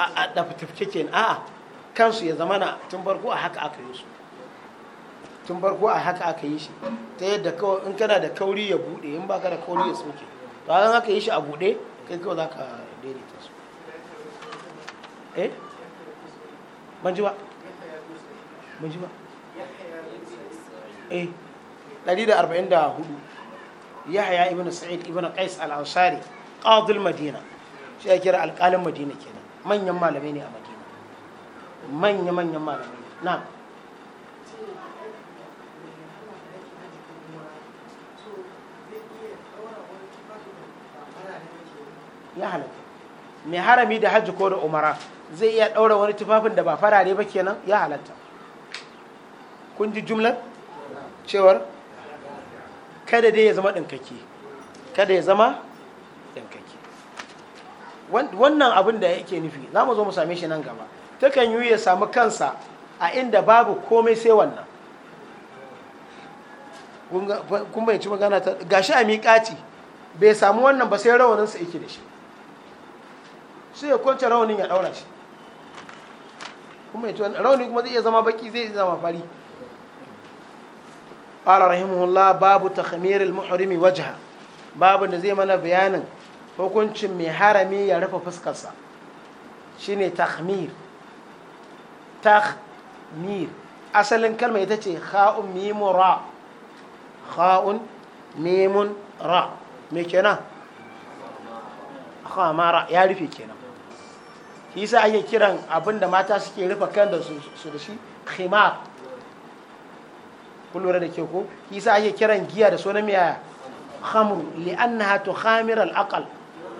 a ɗafitafce ke a'a kansu ya zamana tun farko a haka aka yi su tun farko a haka aka yi shi ta yadda kawai in kana da kauri ya bude in baka da kauri ya soke to an haka yi shi a bude kai kawai za ka daidaita su eh ban ji ba ban ji ba eh 144 haya ibn sa'id ibn qais al-ansari qadhi madina shi ya kira alƙalin madina kenan manyan malamai ne a madina manya manyan malamai na ya halatta mai harami da hajji ko da umara zai iya ɗaura wani tufafin da ba farare ba kenan ya halatta kun ji jumlar cewar kada dai ya zama ɗinkake kada ya zama wannan abin da yake nufi za mu zo mu same shi nan gaba takan yi ya samu kansa a inda babu komai sai wannan kun bai ci magana ta gashi a miƙaci bai samu wannan ba sai rawaninsa yake da shi sai ya kwance rawanin ya ɗaura shi kuma ya rawanin kuma zai iya zama baki zai iya zama fari قال Allah babu ta تخمير المحرم wajaha babu da zai mana bayanin hukuncin mai harami ya rufe fuskarsa shine tahmir tahmir asalin kalma ita ce kha'un mimun ra kha'un mimun ra me kenan khamara ya rufe kenan shi ake kiran abin da mata suke rufe kan da su da shi khimar kullum da ke ko shi ake kiran giya da sunan miya khamru li'annaha tukhamir al-aqal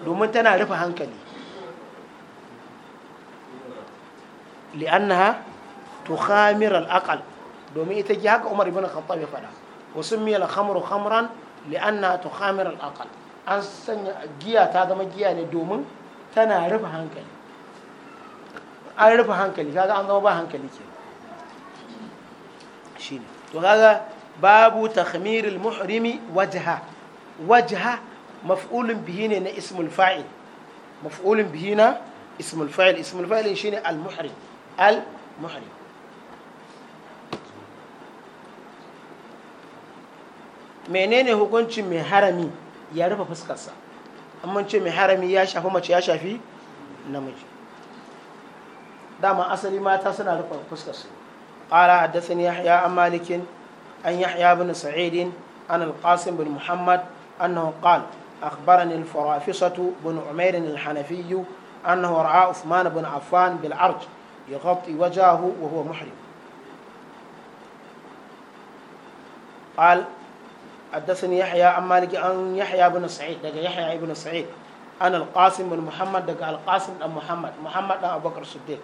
domin tana rufe hankali li'annaha tukhamir al-aqal domin ita ji haka Umar ibn Khattab ya faɗa wa summiya al-khamru khamran li'annaha tukhamir al-aqal an sanya giya ta zama giya ne domin tana rufe hankali an rufe hankali kaga an zama ba hankali ke shine to kaga babu takhmiril muhrimi wajha wajha maf'ulun bihi ne na ismul fa'il maf'ulun bihi na ismul fa'il ismul fa'il shine al-muhrim al-muhrim menene hukuncin mai harami ya rufe fuskarsa amma ce mai harami ya shafi mace ya shafi namiji dama asali mata suna rufe fuskarsu qala haddathani yahya an malikin an yahya bin sa'idin an al-qasim bin muhammad annahu qala أخبرني الفرافصة بن عمير الحنفي أنه رأى عثمان بن عفان بالعرج يغطي وجهه وهو محرم قال حدثني يحيى عن مالك عن يحيى بن سعيد دقى يحيى بن سعيد أنا القاسم بن محمد دقى القاسم بن محمد محمد بن أبو بكر الصديق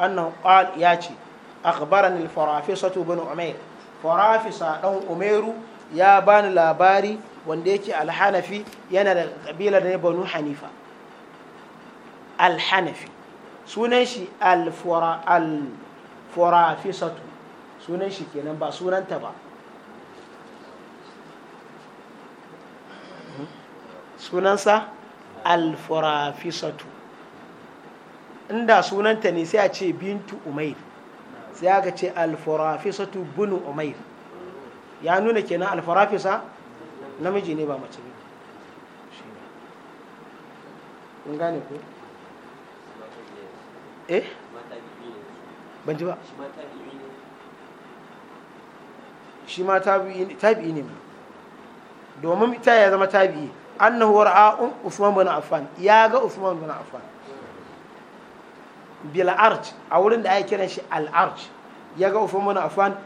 أنه قال ياتي أخبرني الفرافصة بن عمير فرافصة بن عمير ya bani labari wanda yake alhanafi yana da ƙabilar ne banu hanifa alhanafi sunan shi alforafisatu sunan shi kenan ba sunanta ba sunansa alforafisatu inda sunanta ne sai a ce bintu umair sai aka ce alforafisatu bunu umair ya nuna kenan alfarafisa namiji ne ba mace ne gane ko eh ban ji ba shi ma tabi'i ne ma domin ta ya zama tabi'i annahu ra'a Usman bin Affan ya ga Usman bin Affan bil arj a wurin da ake kiran shi al arj ya ga Uthman afan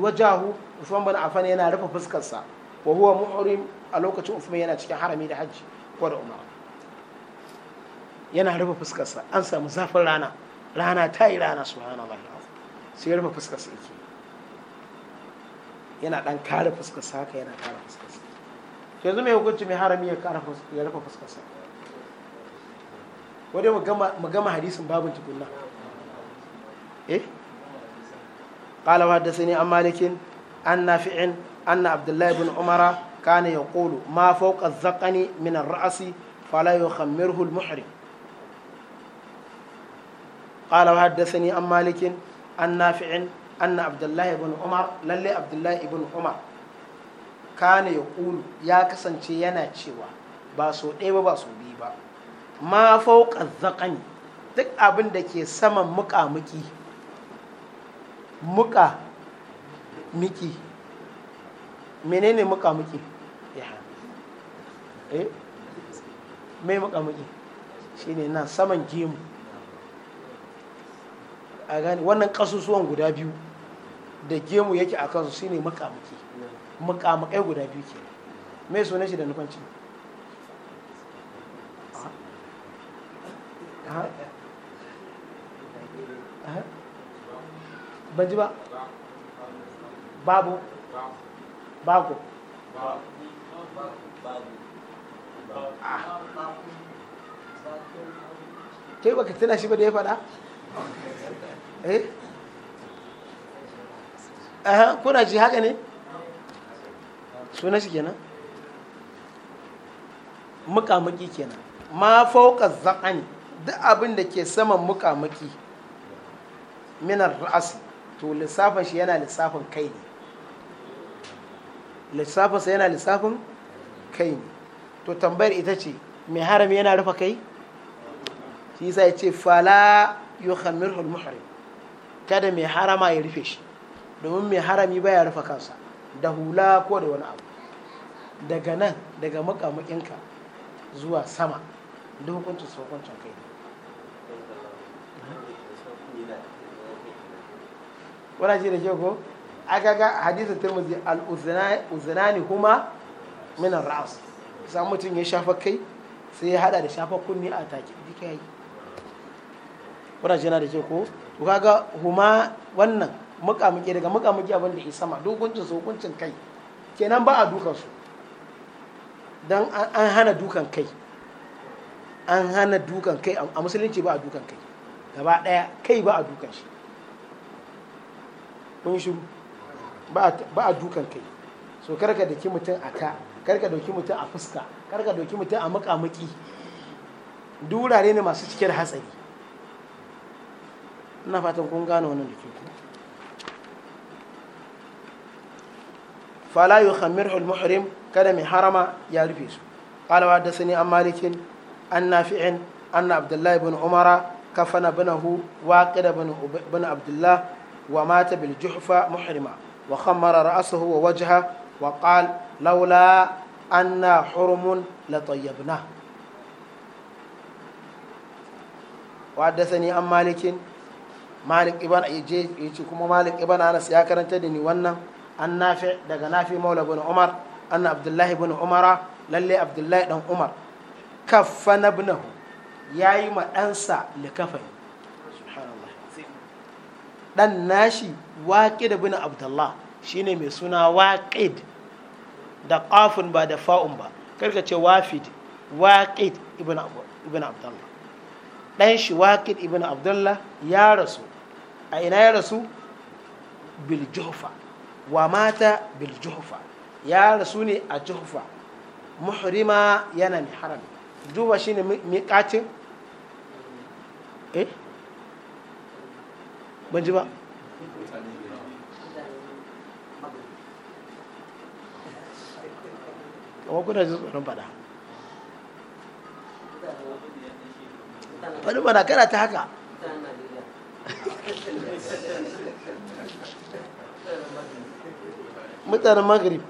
wajahu Uthman bin Affan yana rufe fuskarsa wa huwa a lokacin yana cikin harami da hajji ko da yana rufe fuskarsa an samu zafin rana rana ta yi rana subhanallah sai ya rufe fuskarsa yake yana dan kare fuskarsa haka yana kare fuskarsa yanzu mai hukunci mai harami ya rufe fuskarsa wadai mu gama hadisin babin tukunna eh قال وحدثني عن مالك عن نافع أن عبد الله بن عمر كان يقول ما فوق الذقن من الرأس فلا يخمره المحرم قال وحدثني عن مالك عن نافع أن عبد الله بن عمر للي عبد الله بن عمر كان يقول يا كسن ينا تشيوا باسو ɗaya ba su biyu ba ma fauka zakani duk abin da ke saman muƙamuƙi muka miki menene muka miki eh mai muka miki shine na saman gemu a gani wannan kasusuwan guda biyu da gemu yake a kansu shine muka miki muka mukai guda biyu ke mai sunan shi da nufanci ah. Ah, ban ji ba babu babu ah. kai baka tuna shi ba da ya faɗa? eh? aha kuna ji haka ne? suna shi kenan? mukamaki kenan ma fauka za'ani duk abin da ke saman mukamaki minar ra'asi to lissafin shi yana lissafin kai ne lissafinsa yana lissafin kai ne to tambayar ita ce mai harami yana rufe kai shi sai ya ce fala yukhammirhu al-muhrim kada mai harama ya rufe shi domin mai harami baya rufe kansa da hula ko da wani abu daga nan daga makamakinka zuwa sama duk hukuncin hukuncin kai wana shi da ke ko aka ga hadisin tirmidhi al uzunani huma min ar mutum ya shafa kai sai ya hada da shafa kunni a take duka yi wana ji da ke ko to kaga huma wannan mukamuke daga mukamuke abin da isa sama doguncin su hukuncin kai kenan ba a dukan su dan an hana dukan kai an hana dukan kai a musulunci ba a dukan kai gaba daya kai ba a dukan shi kun yi ba a dukan kai so karka doki mutum a ka karka doki mutum a fuska karka doki mutum a makamaki durare ne masu cike da hatsari ina fatan kun gane wannan dake ku fala yukhammir hul muhrim kada mai harama ya rufe su qala wa dasani an malikin an nafi'in anna abdullahi ibn umara kafana banahu waqida ibn abdullah ومات بالجحفة محرما وخمر رأسه ووجهه وقال لولا أنا حرم لطيبناه وحدثني عن مالك مالك ابن ايجي مالك ابن انس يا كرنت دني wannan an nafi daga nafi maula bin umar anna abdullahi bin umara lalle abdullahi dan umar kaffana ibnahu yayi ma ɗansa likafani ɗan nashi da bin abdullah shine mai suna waƙid da ƙafin ba da fa'un ba karka ce wafid waƙid ibn abdullah ɗan shi waƙid ibn abdullah ya rasu a ina ya rasu biljufa wa mata biljufa ya rasu ne a jufa muhrima yana mai haram duba shine miƙatin eh ban ji ba kamar kuna jin tsoron fada faɗi mana kana ta haka mutanen maghrib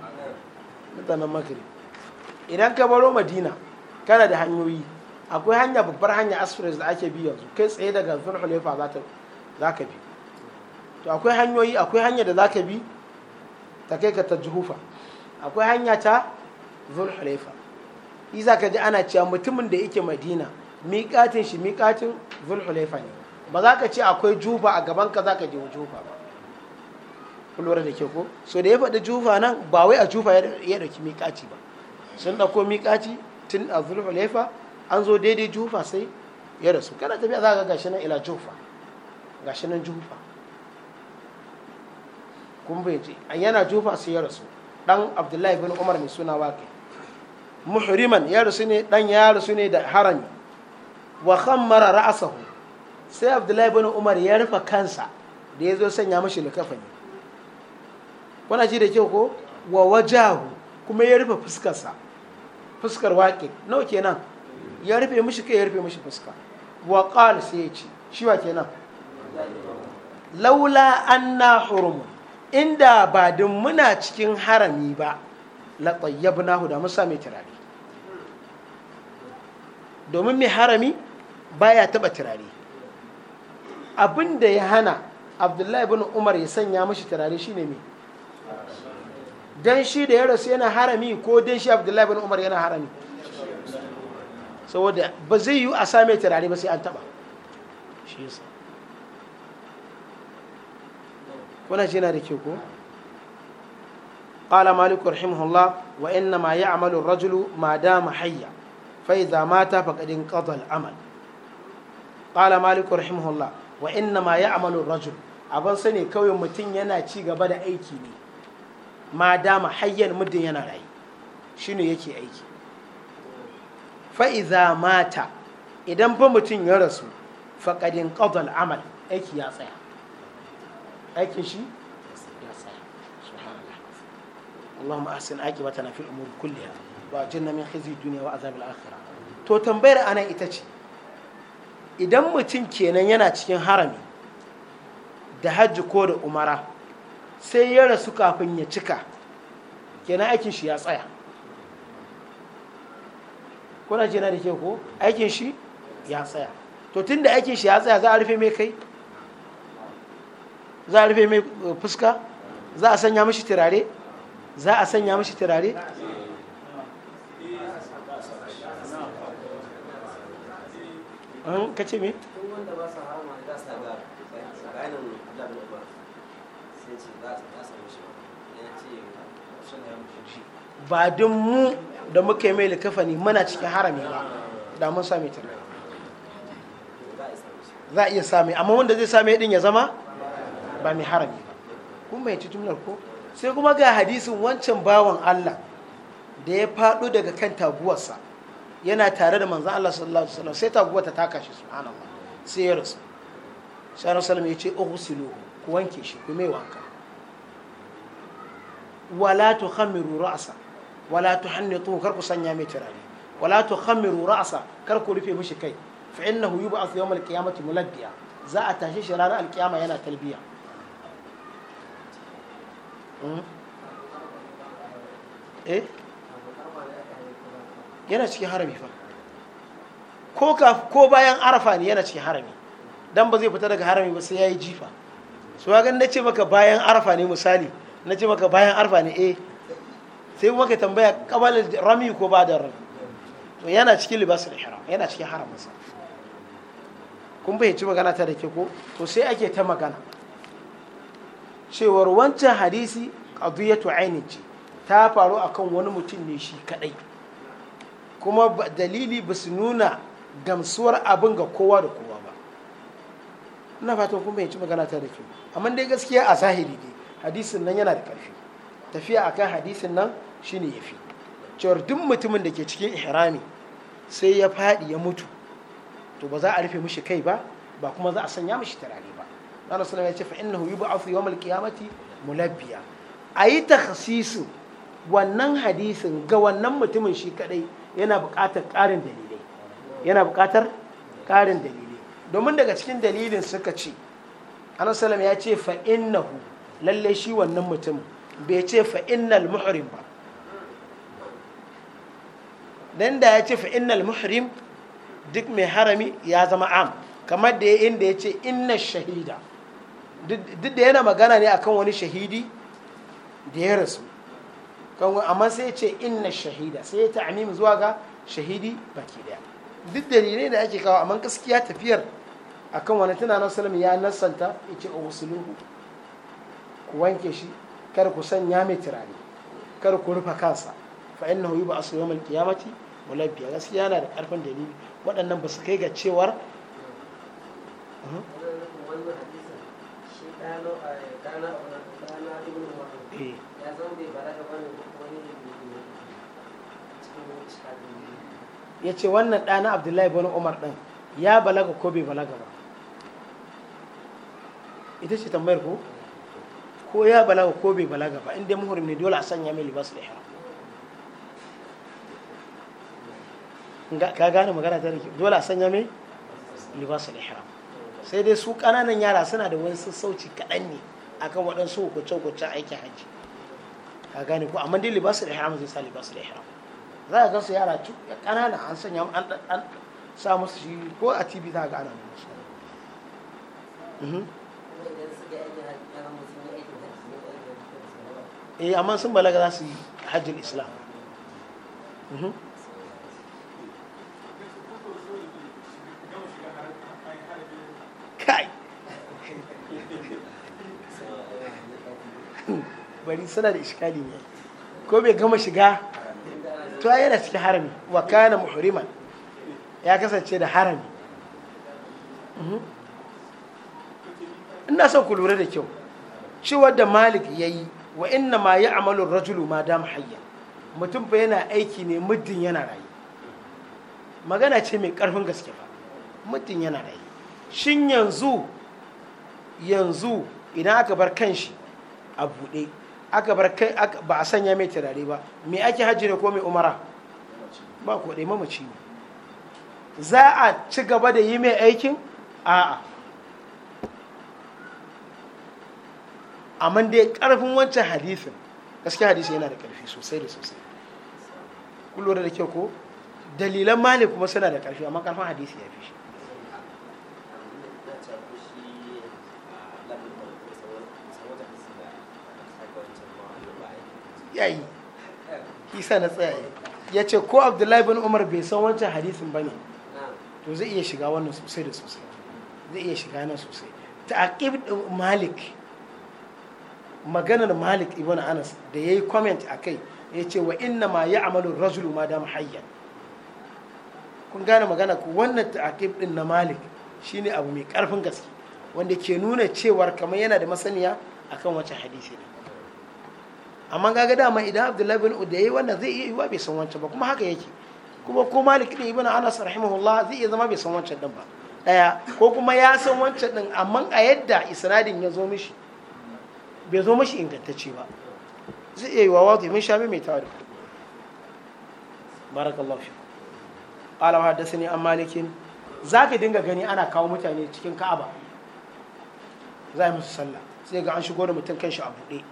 mutanen maghrib idan ka baro madina kana da hanyoyi akwai hanya babbar hanya asfiris da ake bi yanzu kai tsaye daga zulhulefa za ka bi to akwai hanyoyi akwai hanya da zaka bi ta kai ka ta juhufa akwai hanya ta yi za ka ji ana cewa mutumin da yake madina miƙatin shi miƙatin zulhulaifa ne ba za ka ce akwai juhufa a gaban ka za ka je juhufa ba kulwar da ke ko so da ya faɗi juhufa nan ba wai a juhufa ya ɗauki miƙaci ba sun ɗauko miƙaci tun a zulhulaifa an zo daidai juhufa sai ya rasu kana tafiya za ka gashi nan ila jufa gashi nan kun bai an yana jufa sai ya rasu dan abdullahi bin umar mai suna wake muhriman ya rasu ne dan ya rasu ne da harami wa mara ra'asahu sai abdullahi bin umar ya rufe kansa da ya zo sanya mashi likafani kuna ji da kyau ko wa wajahu kuma ya rufe fuskarsa fuskar wake nawa kenan ya rufe mishi kai ya rufe mishi fuska wa qal sai ya ce shi wa kenan laula anna hurumun inda ba din muna cikin harami ba la tayyabnahu da musa mai turare domin mai harami baya taba turare abin da ya hana abdullahi ibn umar ya sanya mashi turare shine mai dan shi da ya rasu yana harami ko dan shi abdullahi ibn umar yana harami saboda ba zai yi a same turare ba sai an taba shi yasa wannan shi yana da ke ko قال مالك رحمه الله ma يعمل الرجل ما دام mata فإذا مات فقد انقضى العمل قال مالك رحمه ma وإنما يعمل الرجل abin sani kawai mutum yana ci gaba da aiki ne ma dama hayyan muddin yana rayu shine yake aiki fa'iza mata idan fa mutum ya rasu faƙadin ƙadal amal aiki ya tsaya aikin shi ya tsaya subhanallah Allahumma ahsin aqibatana fil umur kulliha wa janna min hizi duniya wa azab al to tambayar anan ita ce idan mutum kenan yana cikin harami da hajji ko da umara sai ya rasu kafin ya cika kenan aikin shi ya tsaya kuna jina da ke ko aikin shi ya tsaya to tun da aikin shi ya tsaya za a rufe mai kai za a rufe mai uh, fuska za a sanya mashi turare za a sanya mashi turare an kace me ba don mu da muka yi mai likafani mana cikin harami ba da mun sami turare za a iya sami amma wanda zai sami din ya zama ba mai harami ba kun bayyanci jumlar ko sai kuma ga hadisin wancan bawan Allah da ya faɗo daga kan taguwarsa yana tare da manzan Allah sallallahu alaihi wasallam sai taguwar ta taka shi subhanallah sai ya rasu sai Annabi sallallahu ya ce ughsilu ku wanke shi ku mai wanka wala tuhammiru ra'sa wala tuhannitu kar ku sanya mai turare wala tuhammiru ra'sa kar ku rufe mishi kai fa innahu yub'ath yawm al-qiyamati muladdiya za a tashi shi ranar al-qiyama yana talbiya Eh? eh yana cikin harami fa ko bayan arafa ne yana cikin harami dan ba zai fita daga harami ba sai ya yi jifa su ga na ce maka bayan arafa ne misali na ce maka bayan arafa ne eh sai kuma ka tambaya kabal rami ko ba da rami to yana cikin libasul ihram yana cikin haramin sa kun bai ci magana ta da ke ko to sai ake ta magana cewar wancan hadisi qadiyatu ainin ce ta faru akan wani mutum ne shi kadai kuma dalili ba su nuna gamsuwar abin ga kowa da kowa ba ina fatan kuma yanci magana ta da ke amma dai gaskiya a zahiri dai hadisin nan yana da karfi tafiya a akan hadisin nan shine yafi cewar duk mutumin da ke cikin ihrami sai ya faɗi ya mutu to ba za a rufe mishi kai ba ba kuma za a sanya mishi turare Allah sallama ya ce fa innahu yub'athu yawmal qiyamati mulabbiya ayi takhsisu wannan hadisin ga wannan mutumin shi kadai yana buƙatar ƙarin dalilai yana buƙatar ƙarin dalilai domin daga cikin dalilin suka ce Allah ya ce fa innahu lalle shi wannan mutum bai ce fa innal muhrim ba dan da ya ce fa innal muhrim duk mai harami ya zama am kamar da ya inda ya ce inna shahida duk da yana magana ne akan wani shahidi da ya rasu amma sai ce inna shahida sai ya ta'amim zuwa ga shahidi baki daya duk da ne da ake kawo amma gaskiya tafiyar akan wani tunanin salam ya nasanta ake ce a oh, wasuluhu ku wanke shi kar ku sanya mai turare kar ku rufa kansa fa innahu yuba asu yawmal qiyamati walabiya gaskiya yana da karfin dalili waɗannan ba su kai ga cewar hmm? ya ce wannan ɗana abdullahi bin umar ɗin ya balaga ko bai balaga ba ita ce tambayar ko ko ya balaga ko bai balaga ba inda muhrim ne dole a sanya mai libas da ihram ka gane magana ta rike dole a sanya mai libas da ihram sai dai su ƙananan yara suna da wani sassauci kaɗan ne akan waɗansu hukunce-hukuncen aikin hajji ka gane ko amma dai libasu da ihram zai sa libasu da ihram za ka gansu yara tu ƙananan an sanya an sa musu shi ko a tv za gana ana musu mhm. eh amma sun balaga za su yi hajjin islam mhm. bari suna da iskali ne ko bai gama shiga to yana cikin harami wa kana muhrima ya kasance da harami mhm. ina son ku lura da kyau ciwon da malik ya yi wa inna ma yi amalin rajulu ma dam hayya mutum fa yana aiki ne muddin yana rayu magana ce mai karfin gaske ba muddin yana rayu shin yanzu yanzu idan aka bar kanshi a buɗe aka bar kai ba a sanya mai turare ba me ake hajji ne ko mai umara ba ko ɗai mamaci ne za a ci gaba da yi mai aikin a'a amma dai ƙarfin wancan hadisin gaskiya hadisi yana da ƙarfi sosai da sosai kullum da kyau ko dalilan malik kuma suna da ƙarfi amma ƙarfin hadisi ya fi shi yayi kisa na tsayayi ya ce ko abdullahi bin umar bai san wancan hadisin ba ne to zai iya shiga wannan sosai da sosai zai iya shiga nan sosai ta aqib malik maganar malik ibn anas da yayi comment akai ya ce wa inna ma ya'malu rajulu ma dam hayya kun gane magana ku wannan ta aqib din na malik shine abu mai karfin gaske wanda ke nuna cewar kamar yana da masaniya akan wancan hadisi ne amma gada dama idan abdullahi bin udayi wannan zai iya yiwa bai san wancan ba kuma haka yake kuma ko malik ne ibn anas rahimahullah zai iya zama bai san wancan din ba daya ko kuma ya san wancan din amma a yadda isnadin ya zo mishi bai zo mishi ingantacce ba zai iya yiwa wato mun shami mai tawari barakallahu fi qala hadathani an malikin zaka dinga gani ana kawo mutane cikin ka'aba za musu sallah sai ga an shigo da mutum kan shi a buɗe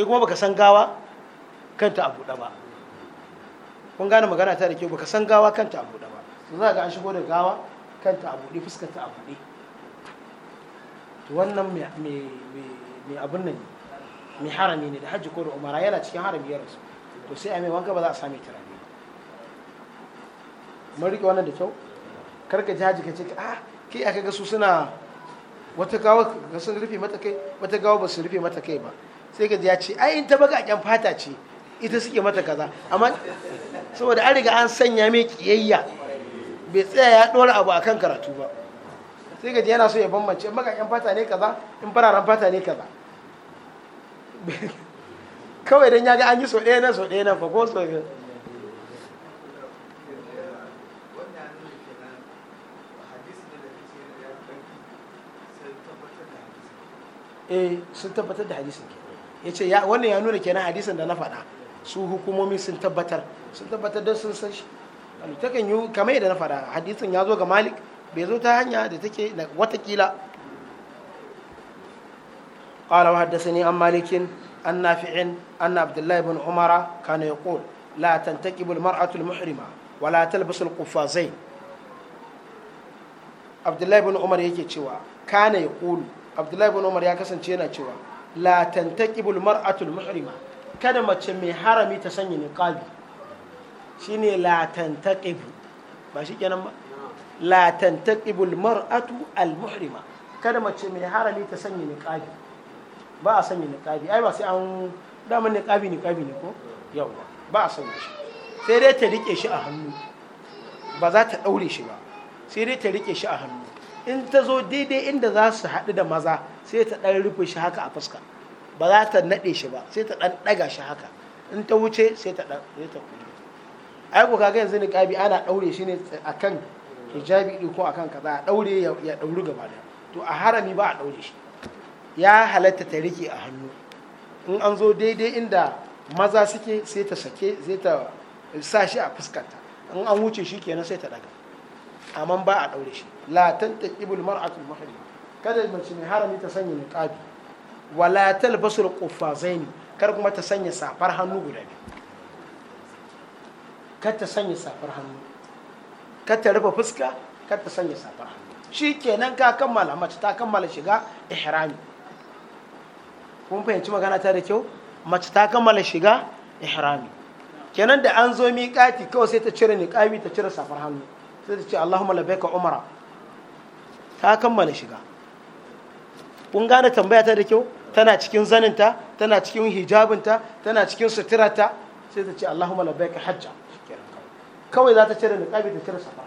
kai kuma baka san gawa kanta a buɗe ba kun gane magana ta da kyau baka san gawa kanta a buɗe ba su za ga an shigo da gawa kanta a buɗe fuskanta a buɗe to wannan mai abin nan mai harami ne da hajji ko da umara yana cikin harami ya rasu to sai a mai wanka ba za a sami turare mun riƙe wannan da kyau karka ji hajji ka ce ah kai aka ga su suna wata gawa sun rufe mata kai wata gawa ba su rufe mata kai ba sai ka ya ce ai in ta baƙaƙen fata ce ita suke mata kaza amma saboda an riga an sanya mai kiyayya bai tsaya ya ɗora abu akan karatu ba sai ka yana so ya bambance in baƙaƙen fata ne kaza in fararen fata ne kaza kawai don ya ga an yi so ɗaya nan so ɗaya nan fa ko so biyu eh sun tabbatar da hadisin ke ya ce wannan ya nuna kenan hadisin da na faɗa su hukumomi sun tabbatar sun tabbatar da sun san shi takan yi kamar yadda na faɗa hadisin ya zo ga malik bai zo ta hanya da take watakila قال وحدثني عن an عن an أن عبد الله بن عمر كان يقول لا تنتكب المرأة المحرمة ولا تلبس القفازين عبد Abdullahi بن Umar yake cewa kana yaqulu abdullahi bin umar ya kasance yana cewa la tantaqibul mar'atul muhrima kada mace mai harami ta sanya niqabi shine la tantaqibu ba shi kenan ba la tantaqibul mar'atu al muhrima kada mace mai harami ta sanya niqabi ba a sanya niqabi ai ba sai an dama niqabi niqabi ne ko yawa ba a sanya shi sai dai ta rike shi a hannu ba za ta daure shi ba sai dai ta rike shi a hannu in ta zo daidai inda za su haɗu da maza sai ta ɗan rufe shi haka a fuska ba za ta naɗe shi ba sai ta ɗan ɗaga shi haka in ta wuce sai ta ɗan sai ta kulle ai ko kaga yanzu niqabi ana ɗaure shi ne a kan hijabi ɗin ko akan kaza a ɗaure ya ɗauri gaba da to a harami ba a ɗaure shi ya halatta ta rike a hannu in an zo daidai inda maza suke sai ta sake sai ta sa shi a fuskanta in an wuce shi kenan sai ta ɗaga amma ba a ɗaure shi la tanta ibul mar'atul mahrim kada mace mai harami ta sanya niqabi wala talbasul ne kar kuma ta sanya safar hannu guda biyu kar ta sanya safar hannu kar ta rufe fuska kar ta sanya safar hannu shikenan ka kammala mace ta kammala shiga ihrami kun fahimci magana ta da kyau mace ta kammala shiga ihrami kenan da an zo miƙati kawai sai ta cire niqabi ta cire safar hannu sai ta ce Allahumma labbaika umara ta kammala shiga kun gane tambaya ta da kyau tana cikin zaninta tana cikin hijabinta tana cikin suturarta sai ta ce Allahumma ka hajja kawai za ta cire niqabi ta cire safa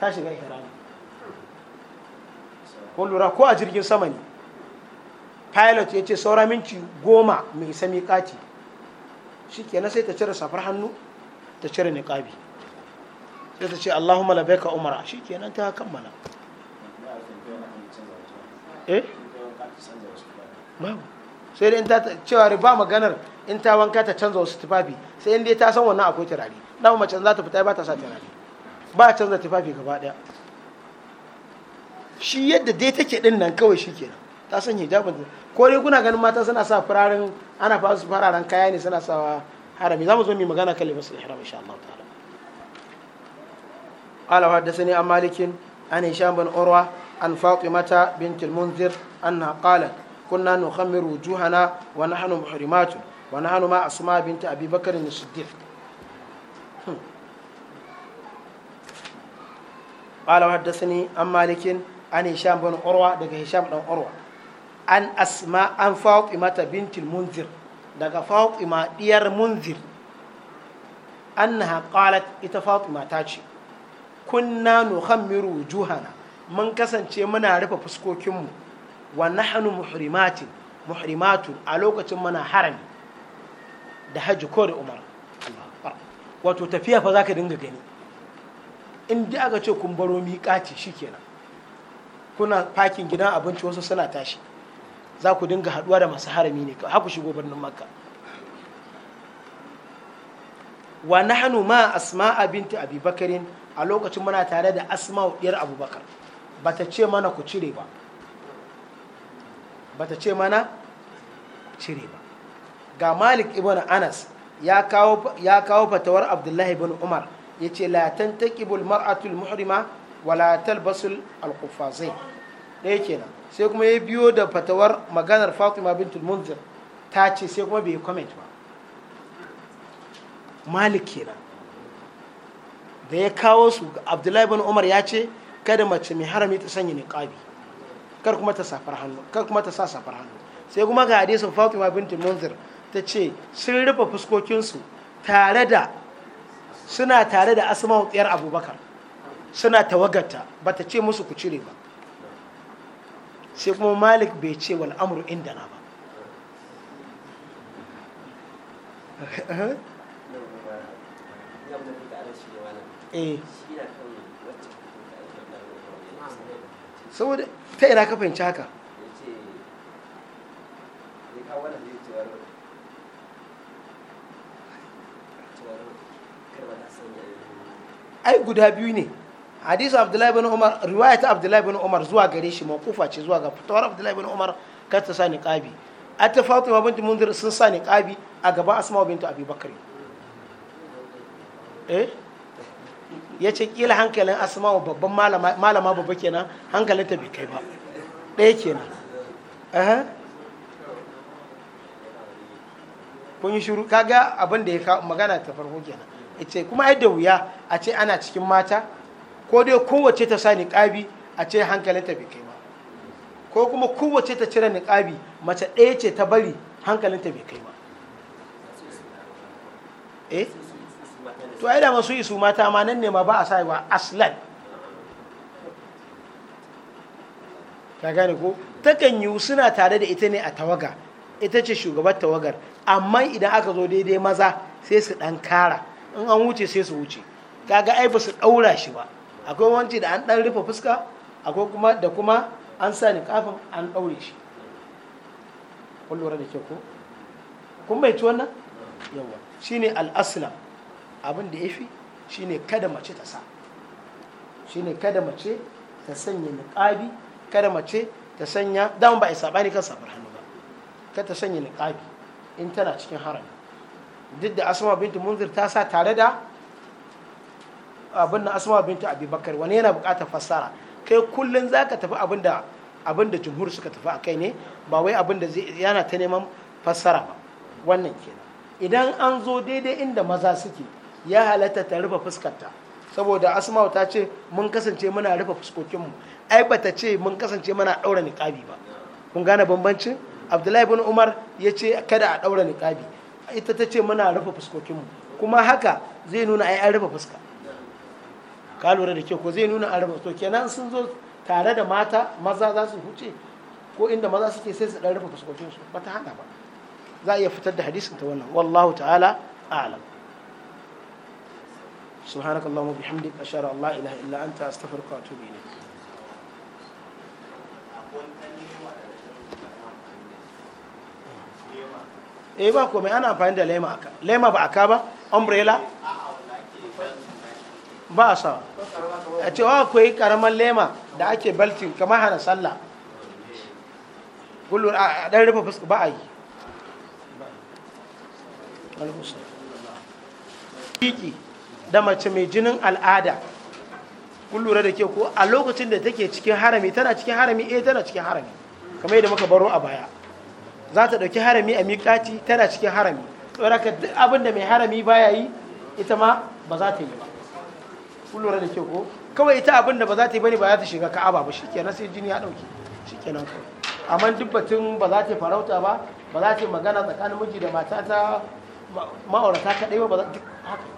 ta shiga ihrami ko lura ko a jirgin sama ne pilot ya ce saura minci goma mai sami kati shi kenan sai ta cire safar hannu ta cire niƙabi sai ta ce Allahumma ka umara shi kenan ta kammala eh sai dai in ta cewa ba maganar in ta wanka ta canza wasu tufafi sai in dai ta san wannan akwai turare dama macen za ta fita ba ta sa turare ba canza tufafi gaba daya shi yadda dai take din nan kawai shi kenan ta san hijabin ko dai kuna ganin mata suna sa fararen ana fa fararen kaya ne suna sawa harami za mu zo mu magana kan libas ihram insha Allah ta'ala qala hadathani an malikin an hisham bin urwa عن فاطمة بنت المنذر أنها قالت كنا نخمر وجوهنا ونحن محرمات ونحن مع أسماء بنت أبي بكر الصديق قال وحدثني عن مالك عن هشام بن عروة دقى هشام بن عروة عن أسماء عن فاطمة بنت المنذر دقى فاطمة ديار منذر أنها قالت إتفاطمة تاتشي كنا نخمر وجوهنا mun kasance muna rufe fuskokinmu wa nahnu muhrimatin muhrimatu a lokacin muna harami da hajji ko da umar wato tafiya fa zaka dinga gani in dai aka ce kun baro shi shikenan kuna fakin gidan abinci wasu suna tashi za ku dinga haduwa da masu harami ne haku shigo birnin makka wa nahnu ma asma'a binti abubakarin a lokacin muna tare da asma'u diyar abubakar ba ta ce mana ku cire ba ba ta ce mana cire ba ga malik ibn anas ya kawo fatawar abdullahi ibn umar ya ce la tantaqibul mar'atul muhrima wala talbasul alqufazai ɗaya kenan sai kuma ya biyo da fatawar maganar fatima bintul munzir ta ce sai kuma bai comment ba malik kenan da ya kawo su abdullahi ibn umar ya ce kada mace mai harami ta sanya niqabi kar kuma ta safar hannu kar kuma ta sa safar hannu sai kuma ga hadisin Fatima binti Munzir ta ce sun rufe fuskokinsu tare da suna tare da Asma'u tsiyar Abubakar suna ba ta ce musu ku cire ba sai kuma Malik bai ce wal amru na ba eh saboda ta ina ka fahimci haka ai guda biyu ne hadisu abdullahi bin umar riwaya ta abdullahi bin umar zuwa gare shi makufa ce zuwa ga fitowar abdullahi bin umar kar ta sa niqabi atta fatima binti munzir sun sa ni kabi a gaban asma bintu abubakar eh ya ce kila hankalin asma wa babban malama babba kenan hankalin ta bai kai ba ɗaya kenan kun yi shuru kaga abin da ya magana ta farko kenan ce kuma ai da wuya a ce ana cikin mata ko dai kowace ta sa niƙabi a ce hankalin ta bai kai ba ko kuma kowace ta cire niƙabi mace ɗaya ce ta bari hankalin ta bai kai ba eh to ai da masu isu mata ma nan ne ma ba a sa ba aslan ka gane ko takan yiwu suna tare da ita ne a tawaga ita ce shugabar tawagar amma idan aka zo daidai maza sai su dan kara in an wuce sai su wuce kaga ai ba su daura shi ba akwai wanci da an dan rufe fuska akwai kuma da kuma an sa ni kafin an daure shi da ke ko kun bai ci wannan yawa shine al-aslam abin da ya fi shine kada mace ta sa shine kada mace ta sanya niƙabi kada mace ta sanya dama ba a sabani kan sabar hannu ba kada ta sanya niƙabi in tana cikin harami duk da asma bintu munzir ta sa tare da abin da asma bintu abubakar wani yana buƙatar fassara kai kullum za ka tafi abin da abin da jumhur suka tafi a kai ne ba wai abin da yana ta neman fassara ba wannan kenan idan an zo daidai inda maza suke ya halatta ta rufe fuskarta saboda asma'u ta ce mun kasance muna rufe fuskokinmu ai ba ta ce mun kasance muna ɗaura niƙabi ba kun gane bambancin abdullahi bin umar ya ce kada a ɗaura niƙabi ita ta ce muna rufe fuskokinmu kuma haka zai nuna ai an rufe fuska ka lura da ke ko zai nuna an rufe to kenan sun zo tare da mata maza za su huce ko inda maza suke sai su ɗan rufe fuskokinsu ba ta hana ba za a iya fitar da hadisin ta wannan wallahu ta'ala a'lam سبحانك اللهم وبحمدك أشهد أن لا إله إلا أنت أستغفرك وأتوب إليك eh ba komai ana amfani da lema aka lema ba aka ba umbrella ba sa a oh, karamar lema da ake baltin kamar hana sallah kullum a dan rufe fuska ba a yi da mace mai jinin al'ada kun lura da ke ko a lokacin da take cikin harami tana cikin harami eh tana cikin harami kamar yadda muka baro a baya za ta ɗauki harami a miƙati tana cikin harami tsoraka duk abin da mai harami baya yi ita ma ba za ta yi ba kun lura da ke ko kawai ita abin da ba za ta yi bane ba za ta shiga ka'aba ba shikenan sai jini ya dauke shikenan kawai amma duk batun ba za ta farauta ba ba za ta magana tsakanin miji da mata ta ma'aurata kaɗai ba ba za ta haka